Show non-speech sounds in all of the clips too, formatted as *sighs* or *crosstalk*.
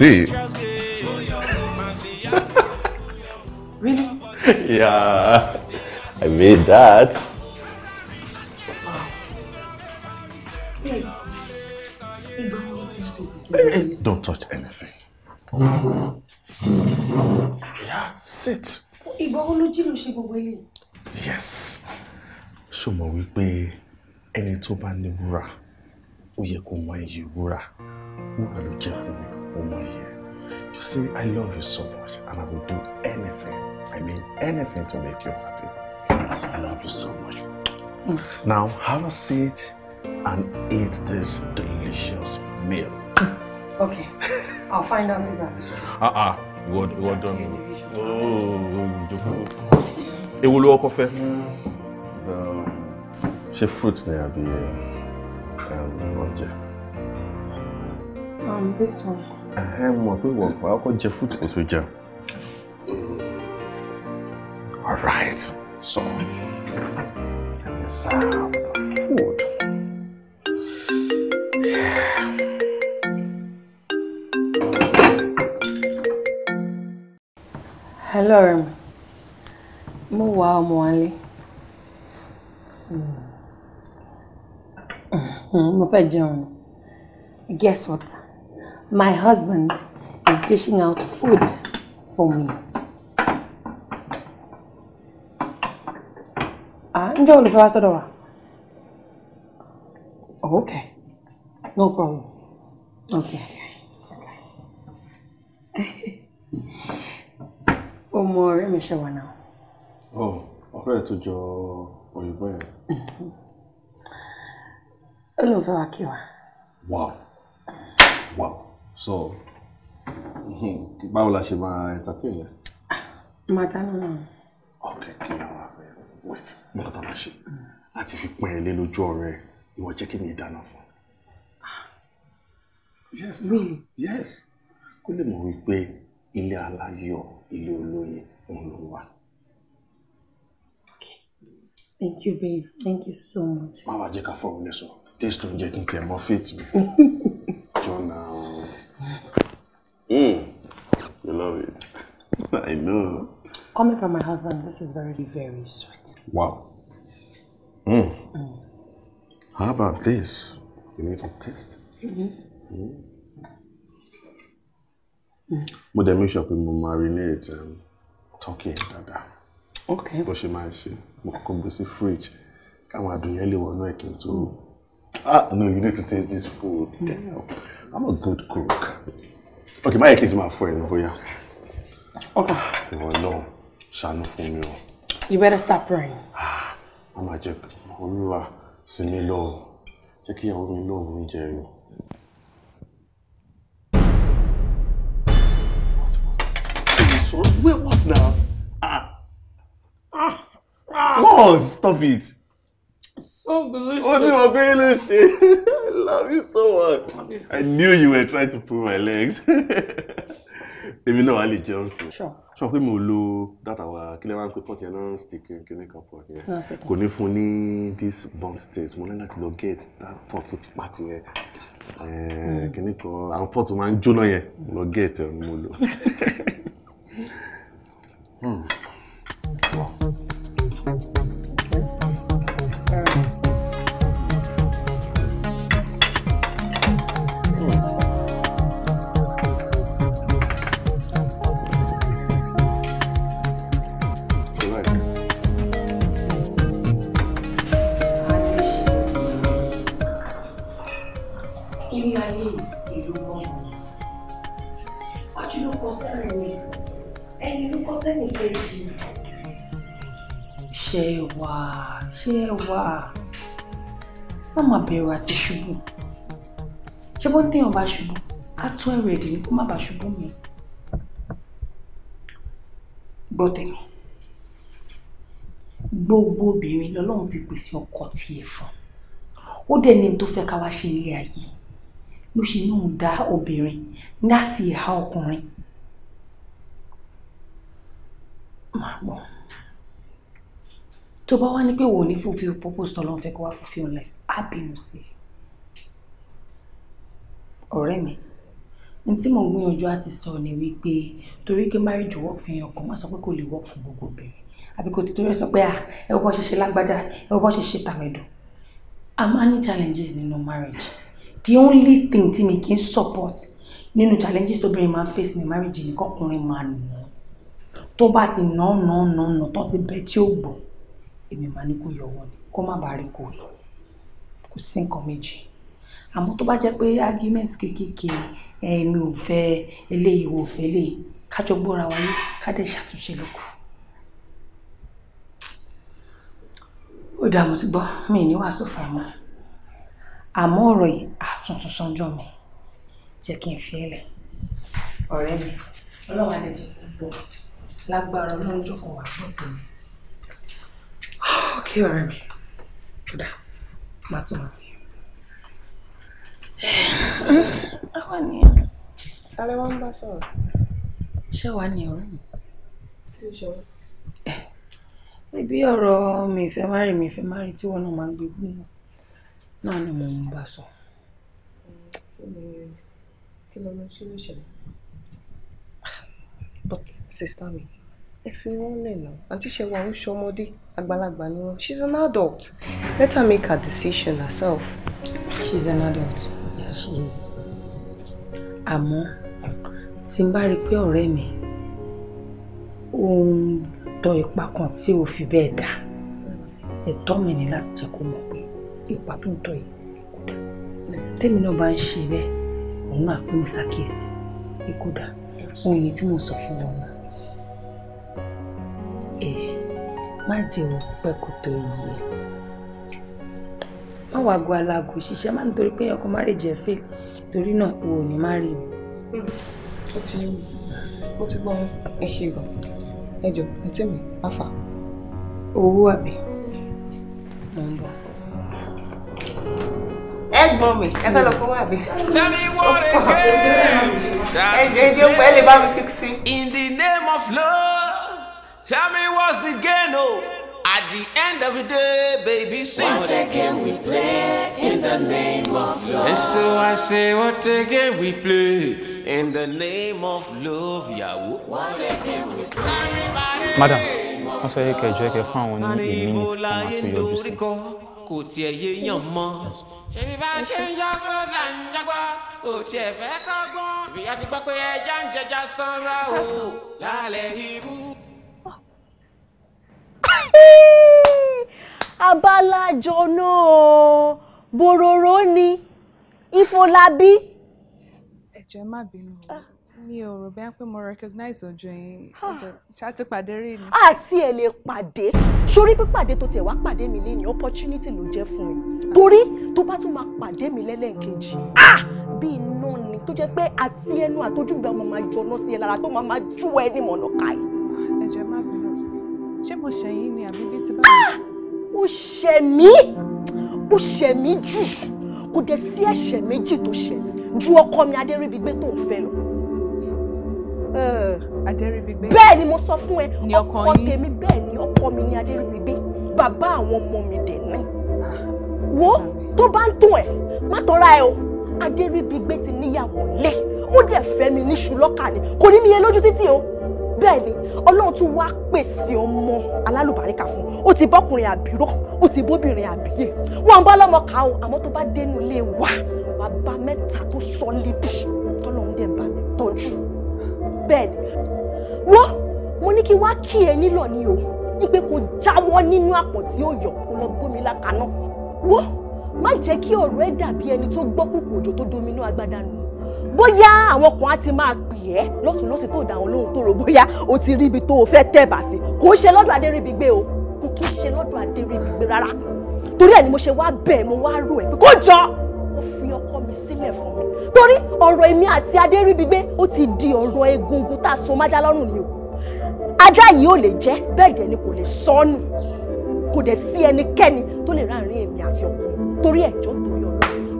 see. really? *laughs* Yeah, I made that. don't touch anything. Yeah, sit. Ìbọ̀wọ́ lójú ló ṣe gbogbo eléyìí. Yes. Ṣó mọ̀ wípé ẹni tó bá ní wúrà, ó yẹ wúrà ló jẹ́ fún mi ọmọ yìí you see i love you so much and i will do anything i mean anything to make you happy i love you so much now have a seat and eat this delicious meal. *laughs* okay i'll find out if that is true. Uh -uh. Ìwọ oh, oh, the food. Èwo ló ọkọ fẹ́? Um, Ṣé fruit ni àbí um, oúnjẹ? Um, Um, this one. Ẹ mọ̀ pé wọ́n fà á kọ́ jẹ fúdù kó tó mm. All right, so let's have the food. Hello, Remy. Mo wà ọmọ wálé. Mm. Mm-hmm. Mo fẹ́ jẹun. Guess what? My husband is dishing out food for me. Ah, enjoy the wá sọ́dọ̀ oh, Okay, no problem. Okay. *laughs* Ọmọ ọ̀rẹ́ mi ṣe wà now. Oh, ọ̀rẹ́ tó jọ òyìnbó yẹn. boy. Hello, kí Wow, wow so báwo la ṣe máa entertain yẹn. màá dáná náà. ok àyàwó rẹ wait nǹkan tá a máa ṣe láti fi pín ẹ lé lójú ọ̀rẹ́ ìwọ jẹ́ kí mi dáná fún. yes no yes kó lè mọ̀ wípé ilé aláyọ̀ ilé olóye òun ló wà. Thank you, babe. Thank you so much. Bàbá jẹ́ ká phone. lẹ́sọ̀. Taste oúnjẹ kí n tiẹ̀ a faith mi. *laughs* Jọ̀nà o. Mm. You love it. *laughs* I know. Coming from my husband, this is very, very sweet. Wow. Mm. Mm. How about this? You need to taste it. But mm-hmm. then mm. make sure people marinate um, turkey and dada. Okay. Bó ṣe máa ṣe, mo kọ́kọ́ gbé fridge, Come on, wọnú ẹ̀ kí n tó. Mm. Ah, no, you need to taste this food. Mm. Damn, I'm a good cook. ok má yẹ kí n ti máa fọ ẹnu bóyá. ọkà. ìwọ náà ṣàánú fún mi o. you better stop praying. Ah, má máa jẹ olúwa sí mi lọ́wọ́ jẹ́ kí ìyàwó mi lóòrùn oúnjẹ rẹ̀. Wait, what now? Ah. Ah. Ah. Lord, stop it. Oh, ti mọ̀ pé ló I love you so much I knew you were trying to pull my legs *laughs* èmi náà wà lè jẹun sí i sọ pé mo lo data wa kí lè máa ń pè pọ́ọ̀tì yẹn non stick kíní kan pọ́ọ̀tì yẹn kò ní fún ní this bond test mo ní láti lọ get that port tó ti pa ti yẹn eh, hmm. kíní kan àwọn port máa ń jóná yẹn lọ get ẹ̀ mo lò. *laughs* Hmm. má máa bẹ̀rù àti ṣubú ṣé bó ń téèyàn bá ṣubú á tún ẹ̀rọ ẹ̀dì ní kó má bàa ṣubú mi gbọ́ tèmi gbogbo obìnrin lọ́lọ́run ti pèsè ọkọ tiẹ̀ fún ó dẹ̀ ní tó fẹ́ ká wá ṣe ilé ayé ló ṣe ní òun dá obìnrin láti ìhà ọkùnrin máa gbọ́ tó bá wá ní pé wò ní fulfill purpose tó lọ́n fẹ́ kó wá fulfill life á bínú sí i. ọ̀rẹ́ mi ní tí mò ń gbìyànjú àti sọ ni wípé torí pé marriage work fi hàn kan má sọ pé kò lè work fún gbogbo obìnrin àbí kò tètè rẹ sọ pé ẹ wọ́n ṣe ṣe lágbájá ẹ wọ́n ṣe ṣe tàmẹ̀dùn. a máa ní challenges nínú marriage the only thing tí mi kì í support nínú challenges tóbìnrin máa ń face ní marriage ni kọkùnrin máa nù ú tó bá ti nà ọ́ nà ọ́ nà ọ́ nà tán ti bẹ tí ó gbọ́ èmi máa ní kó yọ wọ́n ni kó má bàa rí kó lọ kò sí nǹkan méjì àmọ́ tó bá jẹ́ pé argument kéékèèké ẹ̀mí ò fẹ́ eléyìí ò fẹ́ eléyìí kájọ gbọ́ra wáyé ká dẹ̀ ṣàtúnṣe lóko. ó dáa mo ti gbọ́ mi ní wàásù fún ọmọ àmọ́ ọ̀rọ̀ yìí àtúntún sọ́njọ́ mi jẹ́ kí n fi ẹ̀ lẹ̀ ọ̀rẹ́ mi ọlọ́wà lè jẹ́ gbogbo lágbára ọlọ́run jókòó wà fún ọ̀tọ̀ mi. ókè ọ̀rẹ́ mi ó dáa máa tó máa tẹ̀yọ̀. àwa ni alẹ́ wa ń bá sọ̀rọ̀. ṣé wàá ní ọ̀rẹ́ mi. kí ló ṣe wọ́n. ibi ọ̀rọ̀ mi ìfẹ́ márì mi ìfẹ́ márì tí wọ́n náà máa ń gbé gbóná náà ni mo ń bá sọ. kí ló ń ṣe ló ṣẹlẹ̀. but sista mi ẹ fi wọ́n lẹ̀ náà àǹtí ṣẹ̀wá ó ṣọmọdé àgbàlagbà ni wọ́n she's an adult let her make her decision herself. she's an adult yes she is Amo. Simba n bá rí i pé ọ̀rẹ́ mi òun dọ ipa kan tí ò fi bẹ́ẹ̀ dá ẹ̀tọ́ mi ni láti jẹ́ kó mọ̀ pé ipa tó ń tọ̀ yìí kò dá tẹ́mi náà bá ń ṣe bẹ́ẹ̀ òun náà pé mo ṣàkíyèsí pé kò ẹ eh, má jẹ́ ò pẹ́ kó tó yí ẹ e. má wàá go alago ṣiṣẹ́ má nítorí pé ọkọ má rè jẹ́ fake torí náà ìwọ ò ní má rí mi. ó ti ó ti gbọ́ ẹ ṣe gan ẹ jọ ẹ tẹ́ mi afa. owó àbí mo ń bọ̀ ẹ̀gbọ́n mi ẹ fẹ́ lọ fún wa bi. tani wọ́n rẹ̀ gẹ́ẹ́. in the name of love. Tell me what's the game, oh? At the end of the day, baby, sing. What a game we play in the name of love. And so I say, what a game we play in the name of love, Yahoo. Oh. What a game we play. Madam, wọ́n sọ yẹ kẹjọ kẹ fún àwọn ní èmi ní ti kàn án pé yọjú sí. kò tiẹ̀ yéèyàn mọ́. ṣèbí bá ṣe ń yọ sódà ń jágbọ́ kò tiẹ̀ fẹ́ kọ́gbọ́n. ìyá ti gbọ́ pé ẹja ń jẹja sanra o lálẹ́ irú. *laughs* Abala náà bòròrò ni ìfọlábí. ẹ jẹ́ má bínú ah. mi ò rò bẹ́ẹ̀ pé mo recognize ọjọ́ yín ọjọ́ ṣáàtì pàdé rí ni. àti ẹ̀ lè pàdé sórí pípàdé tó tiẹ̀ wá pàdé mi lé ní opportunity ló jẹ́ fún mi torí tó bá tún máa pàdé mi lẹ́lẹ́ǹkejì ah! bí iná ni tó jẹ́ pé àti ẹnu àtọ́jú bẹ́ẹ̀ máa máa jọ náà sí ẹ lára tó máa máa jú ẹ ní mọ̀nà káyìí. ẹ ṣé mo ṣẹ̀yìn ni àbí bí ti bá mi. ó ṣẹ̀ mí ó ṣẹ̀ mí jù kò dẹ̀ sí ẹ̀ṣẹ̀ méjì tó ṣẹ̀ ju ọkọ mi adéríbigbé tó ń fẹ́ lọ. adéríbigbé. bẹ́ẹ̀ ni mo sọ fún ẹ ọkọ tèmi bẹ́ẹ̀ ni ọkọ mi ni adéríbigbé bàbá àwọn ọmọ mi dẹ̀ ní. wo tó bá ń tún ẹ má tọ́ra ẹ o adéríbigbé ti níyàwó lé ó dẹ̀ fẹ́ mi níṣu lọ́kà ni kò ní mi yẹn lójú títì o bẹ́ẹ̀ ni ọlọ́run tún wá pèsè ọmọ alálùbáríkà fún ó ti bọ́kùnrin àbírò ó ti bóbìnrin àbíyè wọn ń bá lọ́mọ kà ó àmọ́ tó bá dénú ilé wa wà bá mẹ́ta tó sọ́lídì tọ́lọ́run dẹ̀ bá mi tọ́jú bẹ́ẹ̀ ni wọ́n mo ní kí wá kí ẹ nílò ni o ní pé kò jáwọ́ nínú àpò tí ó yọ kó lọ gbómi lákaná wọ́n má jẹ́ kí ọ̀rọ̀ ẹ dàbí ẹni tó gbọ́ kùkù tó dominú agbádá bóyá àwọn kan á ti máa pè ẹ́ lọ́tún lọ́sì tó dà wọn lóhùn tó rò bóyá o ti rí ibi tó o fẹ́ tẹ̀ bà sí kò ń ṣe lọ́dọ̀ adéríbigbé o kò kí ń ṣe lọ́dọ̀ adéríbigbé rárá torí ẹ̀ ni mo ṣe wá bẹ̀ mo wá rò ẹ̀ pé kó jọ ó fi ọkọ mi sílẹ̀ fún mi torí ọ̀rọ̀ èmi àti adéríbigbé ó ti di ọ̀rọ̀ egungun tá a so májá lọ́rùn ni o ajá yìí ò lè jẹ́ bẹ́ẹ̀ dẹ̀ ni kò lè sọnù kò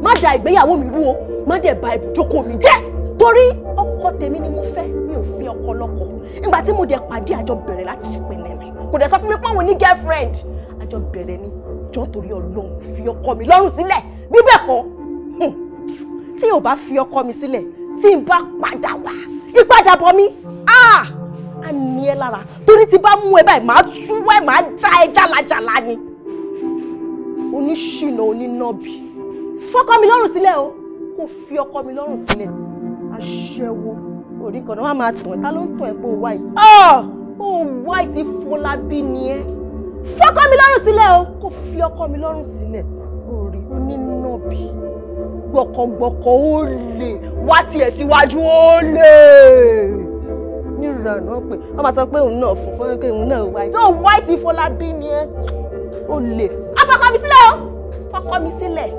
má da ìgbéyàwó mi rú o má dẹ̀ ba ibùjókòó mi jẹ́ torí ọkọ tèmi ni mo fẹ́ mi ò fi ọkọ lọ́kọ nígbà tí mo dẹ̀ pàdé àjọ bẹ̀rẹ̀ láti ṣèpinnu mi kò dẹ̀ sọ fún mi pé òun ní girlfriend àjọ bẹ̀rẹ̀ ni jọ́ torí ọlọ́run fi ọkọ mi lọ́rùn sílẹ̀ bí bẹ́ẹ̀ kọ́ tí ò bá fi ọkọ mi sílẹ̀ tí n bá padà wá ìpadàbọ̀ mi á ah, ní ẹ lára torí tí bá mú ẹ báyìí màá tú ẹ màá já ẹ jálajàla ni oníṣìnà onínàbì fọ́kọ mi lọ́rùn sílẹ̀ o kò fi ọkọ mi lọ́rùn sílẹ̀ aṣẹ́wó orí kan náà wà máa tàn ẹ́ ta ló ń tàn ẹ́ pé o wá yìí ó wá yìí ti Fọlábí ni ẹ́ fọ́kọ mi lọ́rùn sílẹ̀ o kò fi ọkọ mi lọ́rùn sílẹ̀ orí onínàbí gbọ̀kọ̀gbọ̀kọ̀ ó lè wá tiẹ̀ síwájú ó lè nírànà pé wọ́n máa sọ pé òun náà fún fún pé òun náà wá tó wá yìí ti Fọlábí ni ẹ́ ó lè afọkọ mi sílẹ̀ o fọkọ mi sílẹ̀.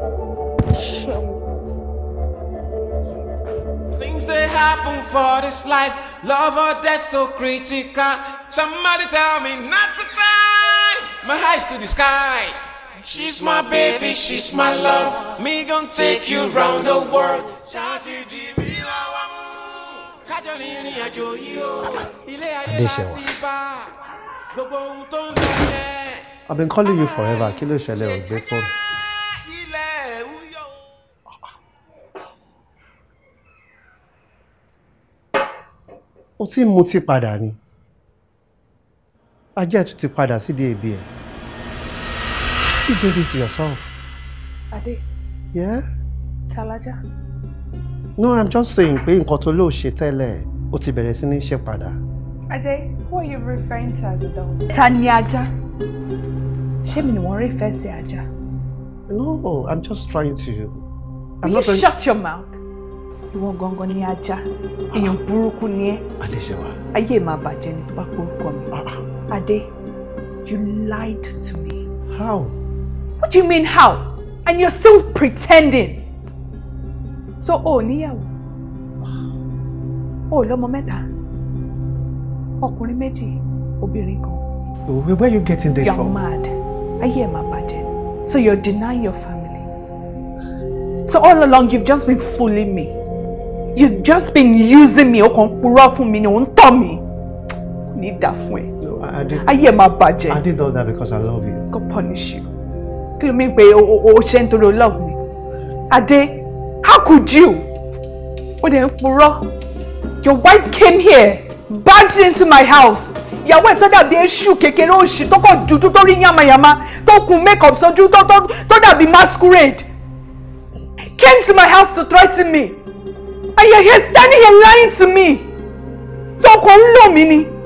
Things they happen for this life, love or death so critical. Somebody tell me not to cry. My eyes to the sky. She's my baby, she's my love. Me gonna take you round the world. I've been calling you forever. Kilo ló ṣẹlẹ̀ ò gbé ó ti mutí padà ni ajá ẹ̀ tún ti padà sídìí èébì ẹ̀ you do this yourself. Adé. Yeah? Talaja. No, I'm just saying pé nǹkan tó lóò ṣe tẹ́lẹ̀ ó ti bẹ̀rẹ̀ sí ní ṣe padà. Adé, who are you referring to as a dog? Ta ni ajá? Ṣé mi ni wọ́n rí fẹ́ sí ajá? No, I'm just trying to. I'm Will not you trying... shut your mouth? ìwọ gangan ni ajá èèyàn burúkú ni ẹ. adéṣẹwà. ayé máa bàjẹ́ ni tó bá porúkọ mi. Ah, ah. adé you lied to me. how. what do you mean how and you're still pretending. so o oh, níyàwó o oh, lọ́mọ mẹ́ta ọkùnrin méjì obìnrin kan. Oh, where where you getting this you're from. you're mad ayé máa bàjẹ́ so you're denying your family. So all along, you've just been fooling me. you have just been using me o kàn purọ́ fún mi ni o ń tọ́ mi ní ìdá fún ẹ ayé ẹ máa bàjẹ́. I did all that because I love you. God punish you Kill me, mi pé o ṣe to love me Adé how could you o dẹ̀ ń your wife came here barged into my house ìyàwó ẹ̀ tó dàbí èṣù kékeré òṣì tó kọ̀ dúdú tó rí yàmàyàmà tó kun make up sójú tó dàbí masquerade came to my house to threaten me. And you're here standing here lying to me. So kò ń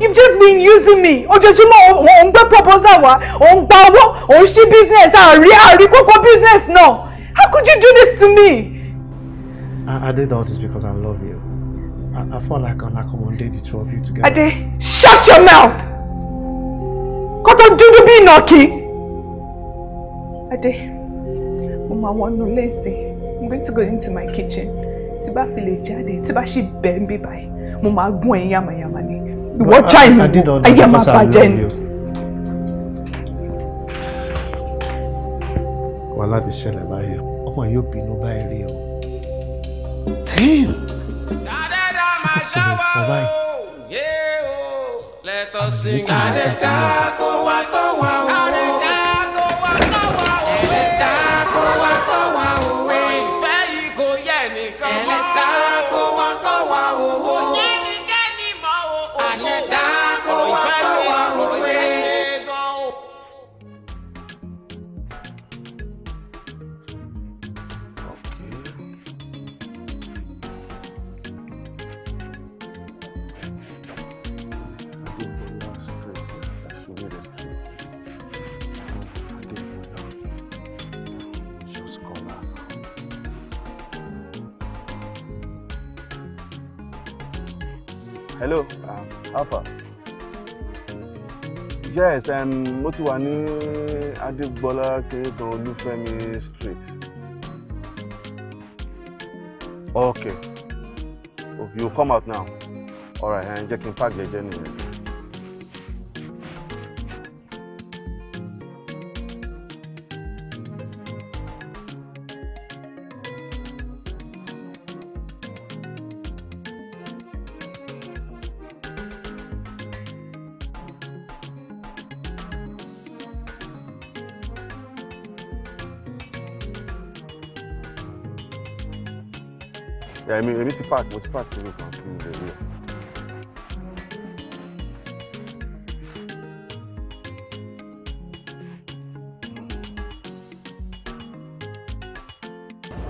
You've just been using me. Ojoojúmọ́ ò ń gbé proposal wá, ò ń gba owó, ò ń ṣí business, àrí àrí kókó business náà. How could you do this to me? I, I did all this because I love you. I, I felt like I'll accommodate the two of you together. Ade, shut your mouth! Kọ́tọ́ dúdú bí ìnàkí. Ade, Mama máa lẹ́sìn. I'm going to go into my kitchen. tí bá fi lè jáde tí bá sì bẹ̀ ń bí báyìí mo máa gún ẹ̀yìn yàmàyàmà ni ìwọ já ìmọ̀ ayé máa bàjẹ́ ni. wà láti ṣẹlẹ̀ báyìí ọmọ yóò bínú báyìí rí o. damn ṣé kò fọ báyìí. Let us sing. Adeka, kowa, kowa, kowa. Ah! hello um, alpha yes um, mo ti wà ní adégbọlá kẹrìntàn olúfẹ́mi street okay oh, you come out now all right jẹ́ kí n pàgẹ́ èmi èmi ti park mo ti park sínú kan kí n lè rí ẹ.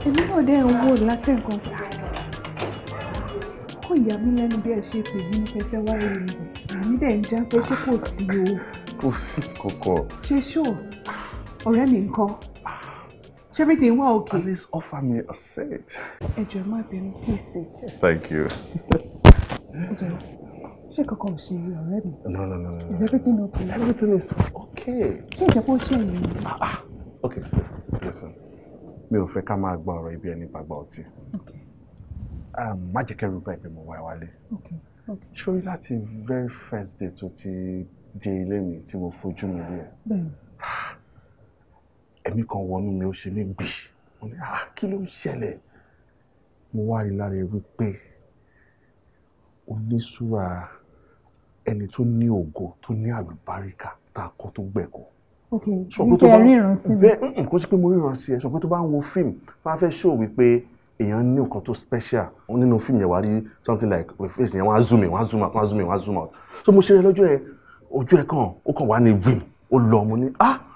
èmi náà dé ń wò láti nǹkan pé kó ìyá mi lẹ́nu bí ẹ ṣe pè mí ní kẹfẹ́ wáyé mi èmi dẹ̀ ń já pé ṣé kò sí o. kò sí kọ̀kọ̀. ṣe ṣó ọ̀rẹ́ mi ńkọ́ ṣé everything wà ok. at offer me a seat. Enjoy my má please sit. thank you. ǹjẹ́ ṣé kankan ò ṣe no no no no. is everything okay? everything is ok. ṣé ìjẹ́pọ̀ ṣe èyí. Ah, ah. ok sit listen mi ò Be any máa about ọ̀rọ̀ Okay. ẹni gbàgbà ọtí. má jẹ́ kẹ́rù bá ìpè mọ̀ wá wálé. sórí láti very first day to the dé ilé mi tí mo fojú mi rí ẹ ẹ̀mí kan wọnú mi ó ṣe mí bì mo ní ah kí ló ń ṣẹlẹ̀ mo wá rí lára ẹ̀rí pé oníṣúra ẹni tó ní ògo tó ní àlùbáríkà tá a kọ́ tó gbẹ̀kọ́. ok ibi ríran sí mi. bẹ́ẹ̀ kó sí pé mo ríran sí ẹ ṣùgbọ́n tó bá ń wo fíìmù máa fẹ́ ṣó wípé èèyàn ní nǹkan tó special nínú fíìmù yẹn wá rí something like with face yẹn wọ́n á zoom in wọ́n á zoom out wọ́n á zoom in wọ́n á zoom out so mo ṣe rẹ lọ́jọ́ ẹ ojú ẹ kàn ó kàn wá ní rim ó lọ mo ní ah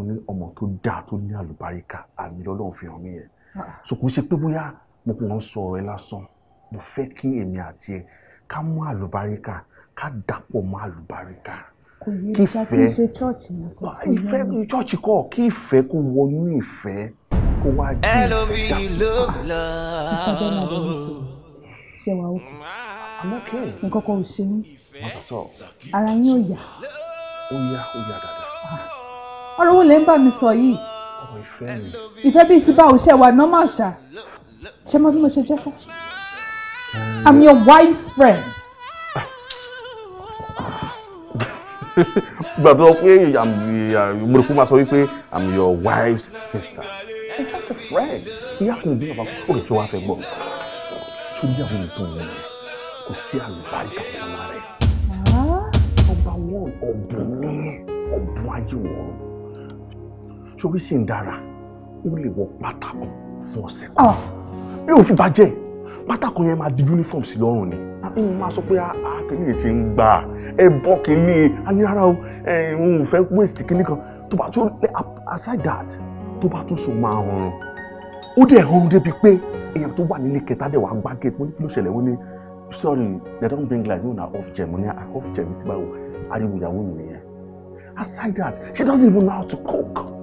mo ní ọmọ tó dáa tó ní àlùbáríkà àmì lọ́lọ́run fi hàn mí yẹn ah. so kò ṣe pé bóyá mo kàn ń sọ ẹ lásán mo fẹ́ kí èmi àti ẹ ká mú àlùbáríkà ká dàpọ̀ mọ́ àlùbáríkà kí ìfẹ́ ah, ìfẹ́ ṣọ́ọ̀ṣì kọ́ kí ìfẹ́ kó wọnú ìfẹ́ kó wá jẹ́ ìfẹ́ dàpọ̀. òkè nǹkan kan ò ṣe ara yín ò yá. ó yá ó yá dáadáa. Ah ọ̀rọ̀ wo lẹ ń bá mi sọ yìí. ìfẹ́ bíi ti bá òṣè wa náà máa ṣe mọ bí mo ṣe jẹ́ fún. I'm your wife's friend. gbà tó pé mọ̀rùkú máa sọ wípé I'm your wife's sister. I'm just a friend. ìyá kan bí bàbá kò tó wá fẹ́ gbọ́. tó bí àwọn ètò òun rẹ̀ kò sí àlùbáríkà ọ̀la rẹ̀. Ah. ọba wọn ọ̀bùn ní ọ̀bùn ayé wọn ṣorí sì ń dára ó lè wọ pátákó fún ọ̀sẹ̀ kan bí ah. òfin bá jẹ́ pátákó yẹn máa di uniform sí lọ́rùn ni àbí ah, mo máa sọ pé akíní ah, ti ń gbà ẹ bọ́ kíní anírára o ẹ òun ò fẹ́ waste kíní kan tó bá tó aside that tó bá tó so máa rọrùn ó dẹ̀ rọrùn débi pé èèyàn tó wà nílé kẹta dẹ̀ wà gbá gate mo ní kí ló ṣẹlẹ̀ wọ́n ní sorry they don't bring like no na off gem mo ní off gem ti báwo ariwo ìyàwó mi nìyẹn aside that she doesn't even know how to cook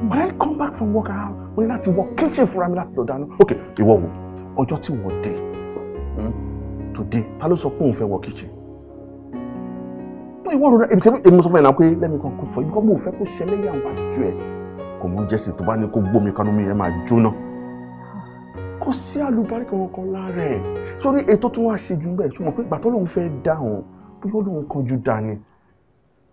when I come back from work out mo ní láti work kitchen for me láti lọ dáná ok ìwọ wo ọjọ́ tí wọ́n dé hmm? today ta ló sọ pé òun fẹ́ wọ kitchen ìwọ rora èmi tẹ́lẹ̀ èmi sọ fún ẹ̀ náà pé lẹ́mi kan kò fọ ibi kan mo fẹ́ kó ṣẹlẹ̀ yà wá ju ẹ̀ kò mọ jẹ́sì tó bá ní kó gbómi kanú mi yẹn máa jóná kò sí àlùbáríkà kankan lára ẹ̀ sórí ètò tó wá ṣe jù ń bẹ̀ ṣùgbọ́n pé gbàtọ́ lòun fẹ́ dáhùn bóyá olóhùn kan ju dání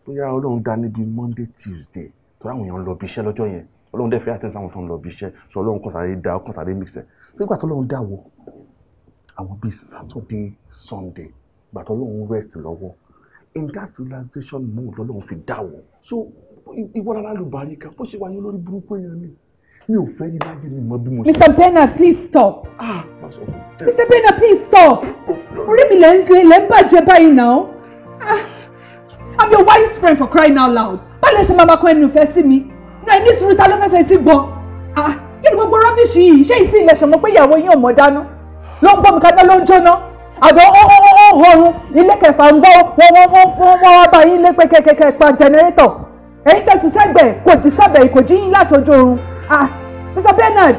bóyá olóhùn dání bíi Monday Tuesday torí àwọn èèyàn lọ bí iṣẹ́ lọ́jọ́ yẹn ọlọ́run dẹ́fẹ́ àtẹ́sí àwọn tó ń lọ bí iṣẹ́ sọ ọlọ́run kàn dá ọkàn mixẹ̀ nígbà tó lọ́run dáwọ́ àwọn bíi Saturday Sunday gbà tó lọ́run rest lọ́wọ́ in that relaxation mood lọ́lọ́run fi dáwọ́ so ìwọ rárá ló bá rí ká bó ṣe wà ní lórí burúkú èèyàn ni mi ò fẹ́ ní láyé mi mọ bí mo ṣe. Mr. Pena, please stop. Ah, Mr. Pena, please stop. orí mi lẹ́ ń bàjẹ́ báyìí náà. Ah, I'm your wife's friend for crying out loud bá lè ṣe máa kọ ẹnu ìfẹ́ sí mi náà ẹni sùúrù ta ló fẹ́ fẹ́ tí gbọ́ ah kí ni gbogbo rọ́bìṣì yìí ṣé ìsìn ilẹ̀ ṣọ̀mọ́ pé ìyàwó yín ò mọ̀ dáná ló ń gbọ́ mi kaná ló ń jóná àbọ̀ ó ó ó ó horun ilé kẹfà ń gbọ́ wọ́n wọ́n wọ́n wọ́n wọ́n wá bá yín lé pé kẹ̀kẹ́kẹ́ pa jẹnẹrétọ̀ èyí tẹ̀sù sẹ́gbẹ̀ kò jí sábẹ̀ kò jí yín látọjú oorun ah Mr Bernard.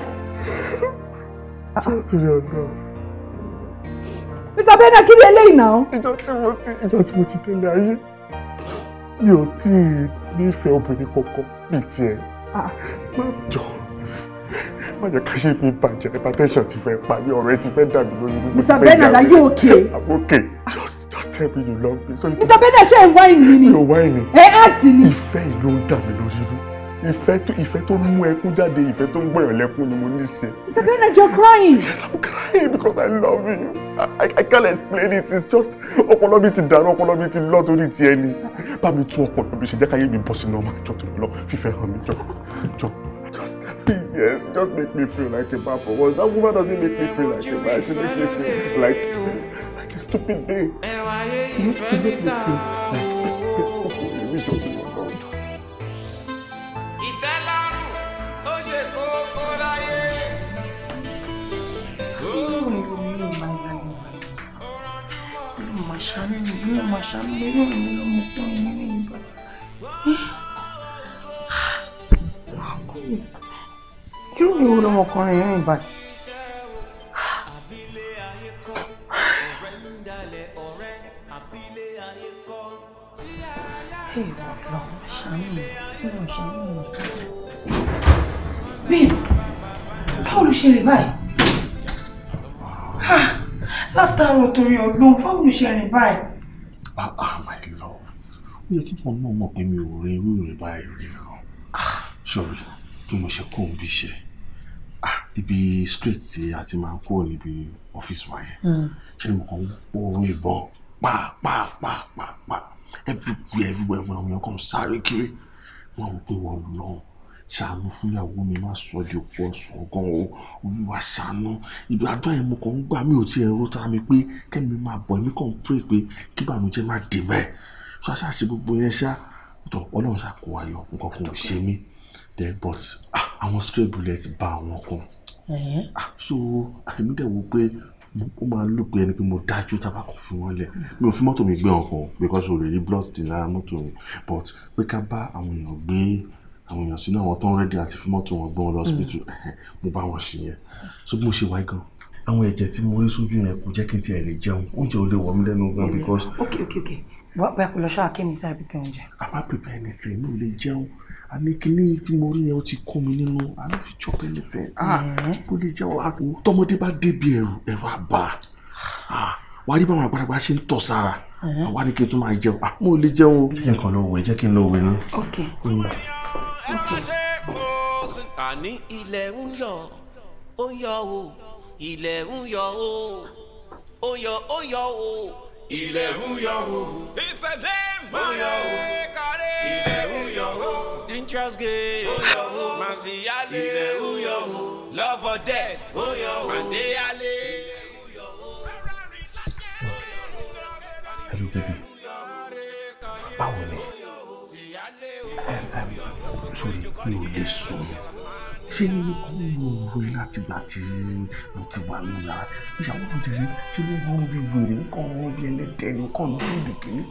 Mr Bernard kí ni eléyìí náà. ìjọ tí mo ti ìjọ tí mo ti délé ayé mi ò tí ì nífẹ̀ẹ́ obìnrin kọ̀ọ̀kan bíi tiẹ̀ ah, jọ má jẹ́ ká ṣe mi bàjẹ́ hypertension ti fẹ́ parí ọ̀rẹ́ ti fẹ́ dàbí lórí mi. Mr Bernard are you okay? I'm okay just just tell me you love me. Mr Bernard ṣe ń wáìnì ni. mi ò wáìnì. ẹ á sì ni. ìfẹ́ ìlú ń dà mí lórí mi ìfẹ́ tó ìfẹ́ tó mú ẹkún jáde ìfẹ́ tó ń gbọ̀yàn lẹ́kún ni mo ní sí ẹ. Isabella you're crying. yes i'm crying because i love you i i can't explain it it's just ọpọlọ mi ti dàrú ọpọlọ mi ti lọ torí ti ẹni bá mi tún ọpọlọ mi ṣe jẹ́ káyé mi bọ́ sínú ọmọ ìjọ tó lọ fífẹ́ hàn mí jọ jọ just tell me yes just make me feel like a man for once that woman doesn't make me feel like a man she makes me feel like like a stupid babe she make me feel like a stupid yóò ní owó lọmọkùnrin yẹn ìbàdí. Bíi báwo ló ṣe rí báyìí? látàárọ̀ torí ọlọ́run fáwọn olùṣẹ́rìn báyìí. ah ah my love ó yẹ kí wọn náà mọ̀ pé mi ò rin irú ìrìn báyìí rí o ah, sorry bí mo ṣe kó ń bí iṣẹ́ ah ibi street tí a ti máa ń kúrò níbi ọ́fíìsì wa yẹn hmm. ṣé ni mo kàn ń pòrò ìbọn pàápàápàápàá everywhere everywhere ọmọ ọmọ yẹn kàn ń sáré kiri wọn wò pé wọn lọ́hùn ṣàánú fúyàwó mi má sọ di òkú ọ̀sán gan o olúwa ṣàánú ibi àdúrà yẹn mo kàn ń gbà mí ò tiẹ̀ ró tara mi pé kẹ́mi máa bọ̀ èmi kàn ń pray pé kí bànújẹ́ má dé bẹ́ẹ̀ tó a ṣe gbogbo yẹn ṣá tó ọlọ́run ṣàkó ayọ̀ nǹkan kan ṣe mí then but ah, àwọn straight bullet bá àwọn kan ah, so èmi dẹ̀ wo pé ó máa lò pé ẹni pé mo dájú tábà kan fún wọn lẹ hmm. mi ò fi mọ́tò mi gbé ọkàn because o lè rí blood ti lára mọ́tò mi but pé ká bá àwọn èèyàn gbé àwọn èèyàn sínú àwọn tó ń rẹ́dí àti fún mọ́tò wọn gbọ́n lọ ọsibítù hmm. mo bá wọn ṣe yẹn so bí mo ṣe wáyé gan àwọn ẹ̀jẹ̀ tí mo rí sójú yẹn kò jẹ́ kí n tiẹ̀ lè jẹun oúnjẹ ò lè wọ̀ mí lẹ́nu gan because. ok ok ok bẹ́ẹ̀ kò lọ ṣọ́ àkéènì tí a bí pẹ́ẹ́n jẹ. a máa pèpè ẹnìfẹ́ mi ò lè jẹun àní kíní tí mo rí yẹn ó ti kó mi nínú àná fi jọ ẹnìfẹ́ ah kò lè jẹun tọmọdé bá débi ẹ̀rù ẹ̀rù àbá ah wàá rí báwọn àgbàlagbà ṣe ń tọ̀ sára àwa ni kí n tún máa jẹun ah mo ò lè jẹun. jẹ́ nǹkan lọ wẹ̀ jẹ́ kí n lọ wẹ̀ ní. ok. Mm ẹ rọra ṣe mo sin. àní ilẹ̀ ń yọ ó ń yọ o ilẹ̀ ń yọ o ó yọ ó yọ o. ilẹ̀ ń yọ o. ìṣẹ̀lẹ̀ máa yọ o. kárẹ́ ilẹ̀ ń yọ o. dangerous game. ó yọ o. màsíyálé. ilẹ̀ ń yọ o. love or death. ó yọ o. màdéyálé. hello baby. mi ò lè sùn ṣé nínú kan mo rò látìgbà tí mo ti wà ní yàrá ìyàwó mi ṣé ló wọ́n rí wèrè nǹkan rí ẹlẹ́dẹ̀ nǹkan ní dùndùn kìíní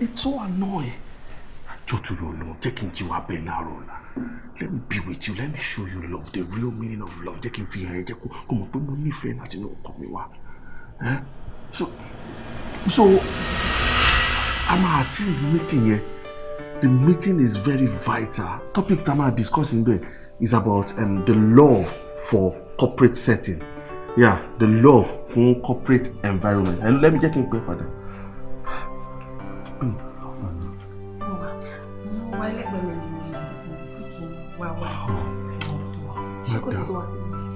it's so annoying jọtúrò ọlọ́run jẹ́ kí n jí wa bẹ́ẹ̀ láàárọ̀ ọ̀la let me be with you let me show you love the real meaning of love jẹ́ kí n fi hàn ẹ́ jẹ́ kó mọ̀ pé mo nífẹ̀ẹ́ láti inú ọkàn mi wá so so a máa àtẹ́rù mítì yẹn. The meeting is very vital. Topic tá a máa discuss níbẹ̀ is about um, the love for corporate setting. Yeah, the love for corporate environment. And let me get kí n pè é padà.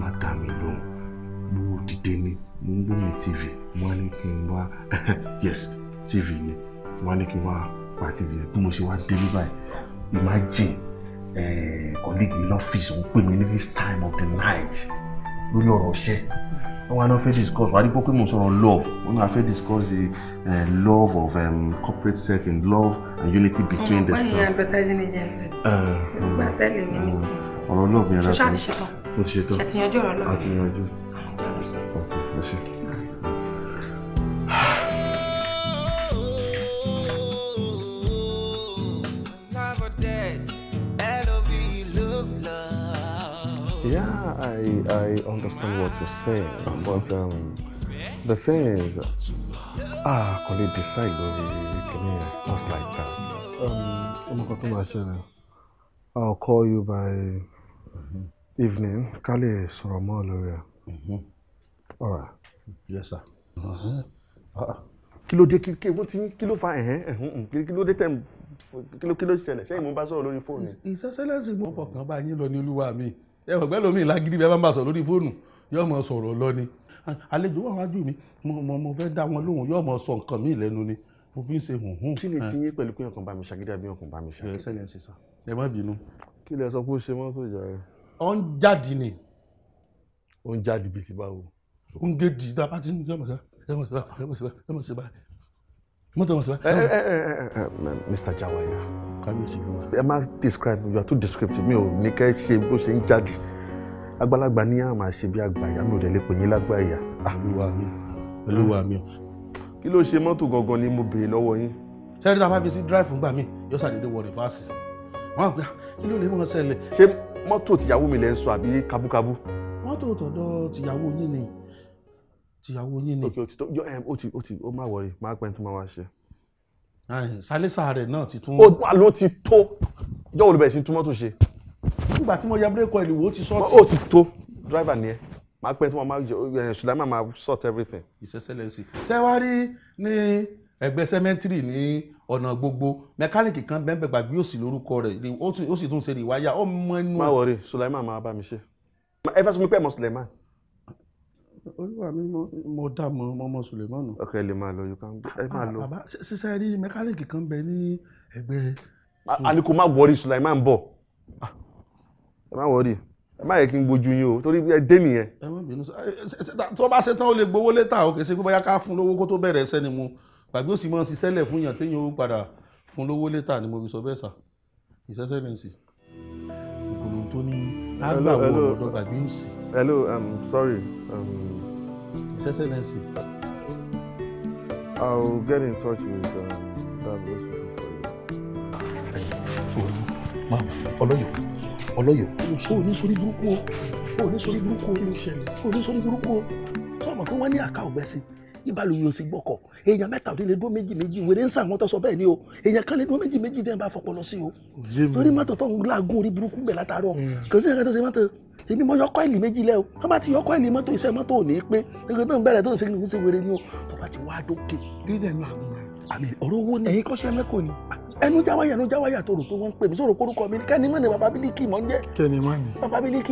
Madam Ilon, mo dìde TV, mo *laughs* yes, TV ni, pa tv bí mo ṣe wá délé báyìí imagine colleague mi lọ́fíìsì òun pè mí ní this time of the night lórí ọ̀rọ̀ ṣẹ́ wọn náà fẹ́ discuss wàá dípò pé mo sọ̀rọ̀ love wọn náà fẹ́ discuss the uh, love of um, corporate setting love and unity between the staff. Mm, wọ́n ní advertising agencies. ìgbà ah, ah, tẹ́lẹ̀ ní ah, mi ti. ọ̀rọ̀ love yẹn láti ṣe tán. mo ti ṣe tán. ṣe ti yanjú ọ̀rọ̀ love. a ti yanjú. ok ẹ ṣe. Yeah, I, I understand what you're saying, uh-huh. but um, the thing is, ah, can you decide lórí kìíní just like that. Um, kan tó I'll call you by mm-hmm. evening ká lè sọ̀rọ̀ mọ́ lórí ẹ̀. Mm-hmm. all right. yes sir. Uh-huh. Ah. kí ló dé kí ló fa ẹ̀hẹ́n ẹ̀hún kilo, ló dé tẹ̀ kí ló ṣẹlẹ̀ ṣé ìmú bá sọ̀rọ̀ lórí fóònù. ìṣẹ́ṣẹ́lẹ́sìn mo fọkàn bá yín lọ ní olúwa mi ẹ mọ̀ pẹ́lú omi ìlágídí bí ẹ bá ń bá sọ lórí fóònù yóò mọ sọ̀rọ̀ lọ ni àlejò wà wájú mi mo mo fẹ́ dá wọn lóhùn yóò mọ sọ nǹkan mi lẹ́nu ni mo fi ń ṣe hùn hùn. kí ni ti yín pẹ̀lú pé ọkàn bá mi ṣàgídí àbí ọkàn bá mi ṣàgídí. ẹ sẹ́ni ẹ sì sá ẹ má bínú. kí lẹ sọ pé ó ṣe mọ́ sójà rẹ. ó ń jáde ni. ó ń jáde bíi ti báwo. ó ń gé di tá bá ti ń jẹ́ mọ̀ sí báyìí ẹ mọ̀ sí báyìí ẹ mọ̀ sí báyìí mọ́tò wọn sọ. Mr. Jawaya kábíyèsí ló wà. ẹ má describe you are too descriptive mi ò ní kẹ́ ṣe bó ṣe ń jáde àgbàlagbà ní àmà ṣe bí àgbàyà mi ò dẹ̀ lè pè yín lágbàyà. Ah. olúwa mi olúwa mi o. kí ló ṣe mọ́tò gangan ni mo béèrè lọ́wọ́ yín. sẹ́ni tá a bá fi sí drive ńgbà mi yóò ṣàdédé wọ rìfáàsì wọn àgbà kí ló lè mọ̀ ṣẹlẹ̀. ṣé mọ́tò tìyàwó mi lẹ ń sọ àbí kábúkábú. mọ́tò tọ̀dọ̀ tìyàwó yín ni tìyàwó yín ni. ok o ti tó yọ o ti o ti o má wọrí má pẹ́ tó má wá ṣe. sálẹ́sà rẹ̀ náà ti tún. ó wà ló ti tó yọ olùbẹ̀sí túmọ̀ tó ṣe. nígbà tí mo ya bírèkọ ìlúwo ti sọ́ọ̀tì. ó ti tó dráìvà ni ẹ máa pẹ́ tí wọ́n máa jẹ ṣùdámà máa sort everything. His Excellency ṣé wàá rí ní ẹgbẹ́ sẹ́mẹ́ntìrì ní ọ̀nà gbogbo mẹkáníìkì kan bẹ́ẹ̀ bẹ́ẹ̀ gbàgbé òsì lórúkọ rẹ̀ ó sì tún ṣe ìwáyà ó mọ inú. má wọrí Sulaiman máa bá mi ṣe ẹ fẹ́ sọ mi pé ẹ mọ Sulaiman olúwa mi mo dá mọ mọmọ sulemanu. ok lè máa lọ you can ẹ máa ah, lọ. bàbá sísá rí mẹkáníìkì kan bẹ ní ẹgbẹ́. aliko má wọrí suleiman bọ ẹ má wọrí ẹ má yẹ kí n gbójú yín o torí ẹ dé nìyẹn. ẹ má bínú tó bá ṣe tán ó lè gbowó létà ó kèé ṣe pé bóyá ká fún lówó kó tó bẹ̀rẹ̀ ẹsẹ̀ ni mo gbàgbé òsì máa ń ṣiṣẹ́ lẹ̀ fún yàn téèyàn ó padà fún lówó létà ni mo fi sọ bẹ́ẹ̀ sà ìṣẹ́ṣẹ́ ní sí ìkùnú tó ní agbàwọ̀ ọ̀dọ́ gbàgbé òsì. hello um, sorry um, His Excellency. I'll get in touch with um, that hospital for you. Mama, ọlọ́yọ̀ ọlọ́yọ̀ so ò ní sórí burúkú o ò oh, sórí burúkú o oh, ní sórí burúkú o sọ ma fún wa ní àká ọ̀gbẹ́sìn ìbálòwì ò sì gbọ́kọ̀ èèyàn mẹ́ta òde lè dúró méjì méjì wèrè ń sàn wọ́n tó sọ bẹ́ẹ̀ ni o èèyàn kan lè dúró méjì méjì dẹ́n bá fọpọlọ sí o torí mọ́tò tó ń làágùn orí burúkú bẹ̀ látàárọ̀ kò sí ẹ̀ka tó ṣe mọ́tò èmi mọ́ yọkọ́ ìlì méjì lẹ́ o tó bá ti yọkọ́ ìlì mọ́tò iṣẹ́ mọ́tò ò ní pé ẹgbẹ́ tó ń bẹ̀rẹ̀ tó ń segin ṣe wèrè ni o tó bá ti wá dókè. ẹnu jáwáyà ẹnu jáwáyà tó rò pé wọ́n ń pè mí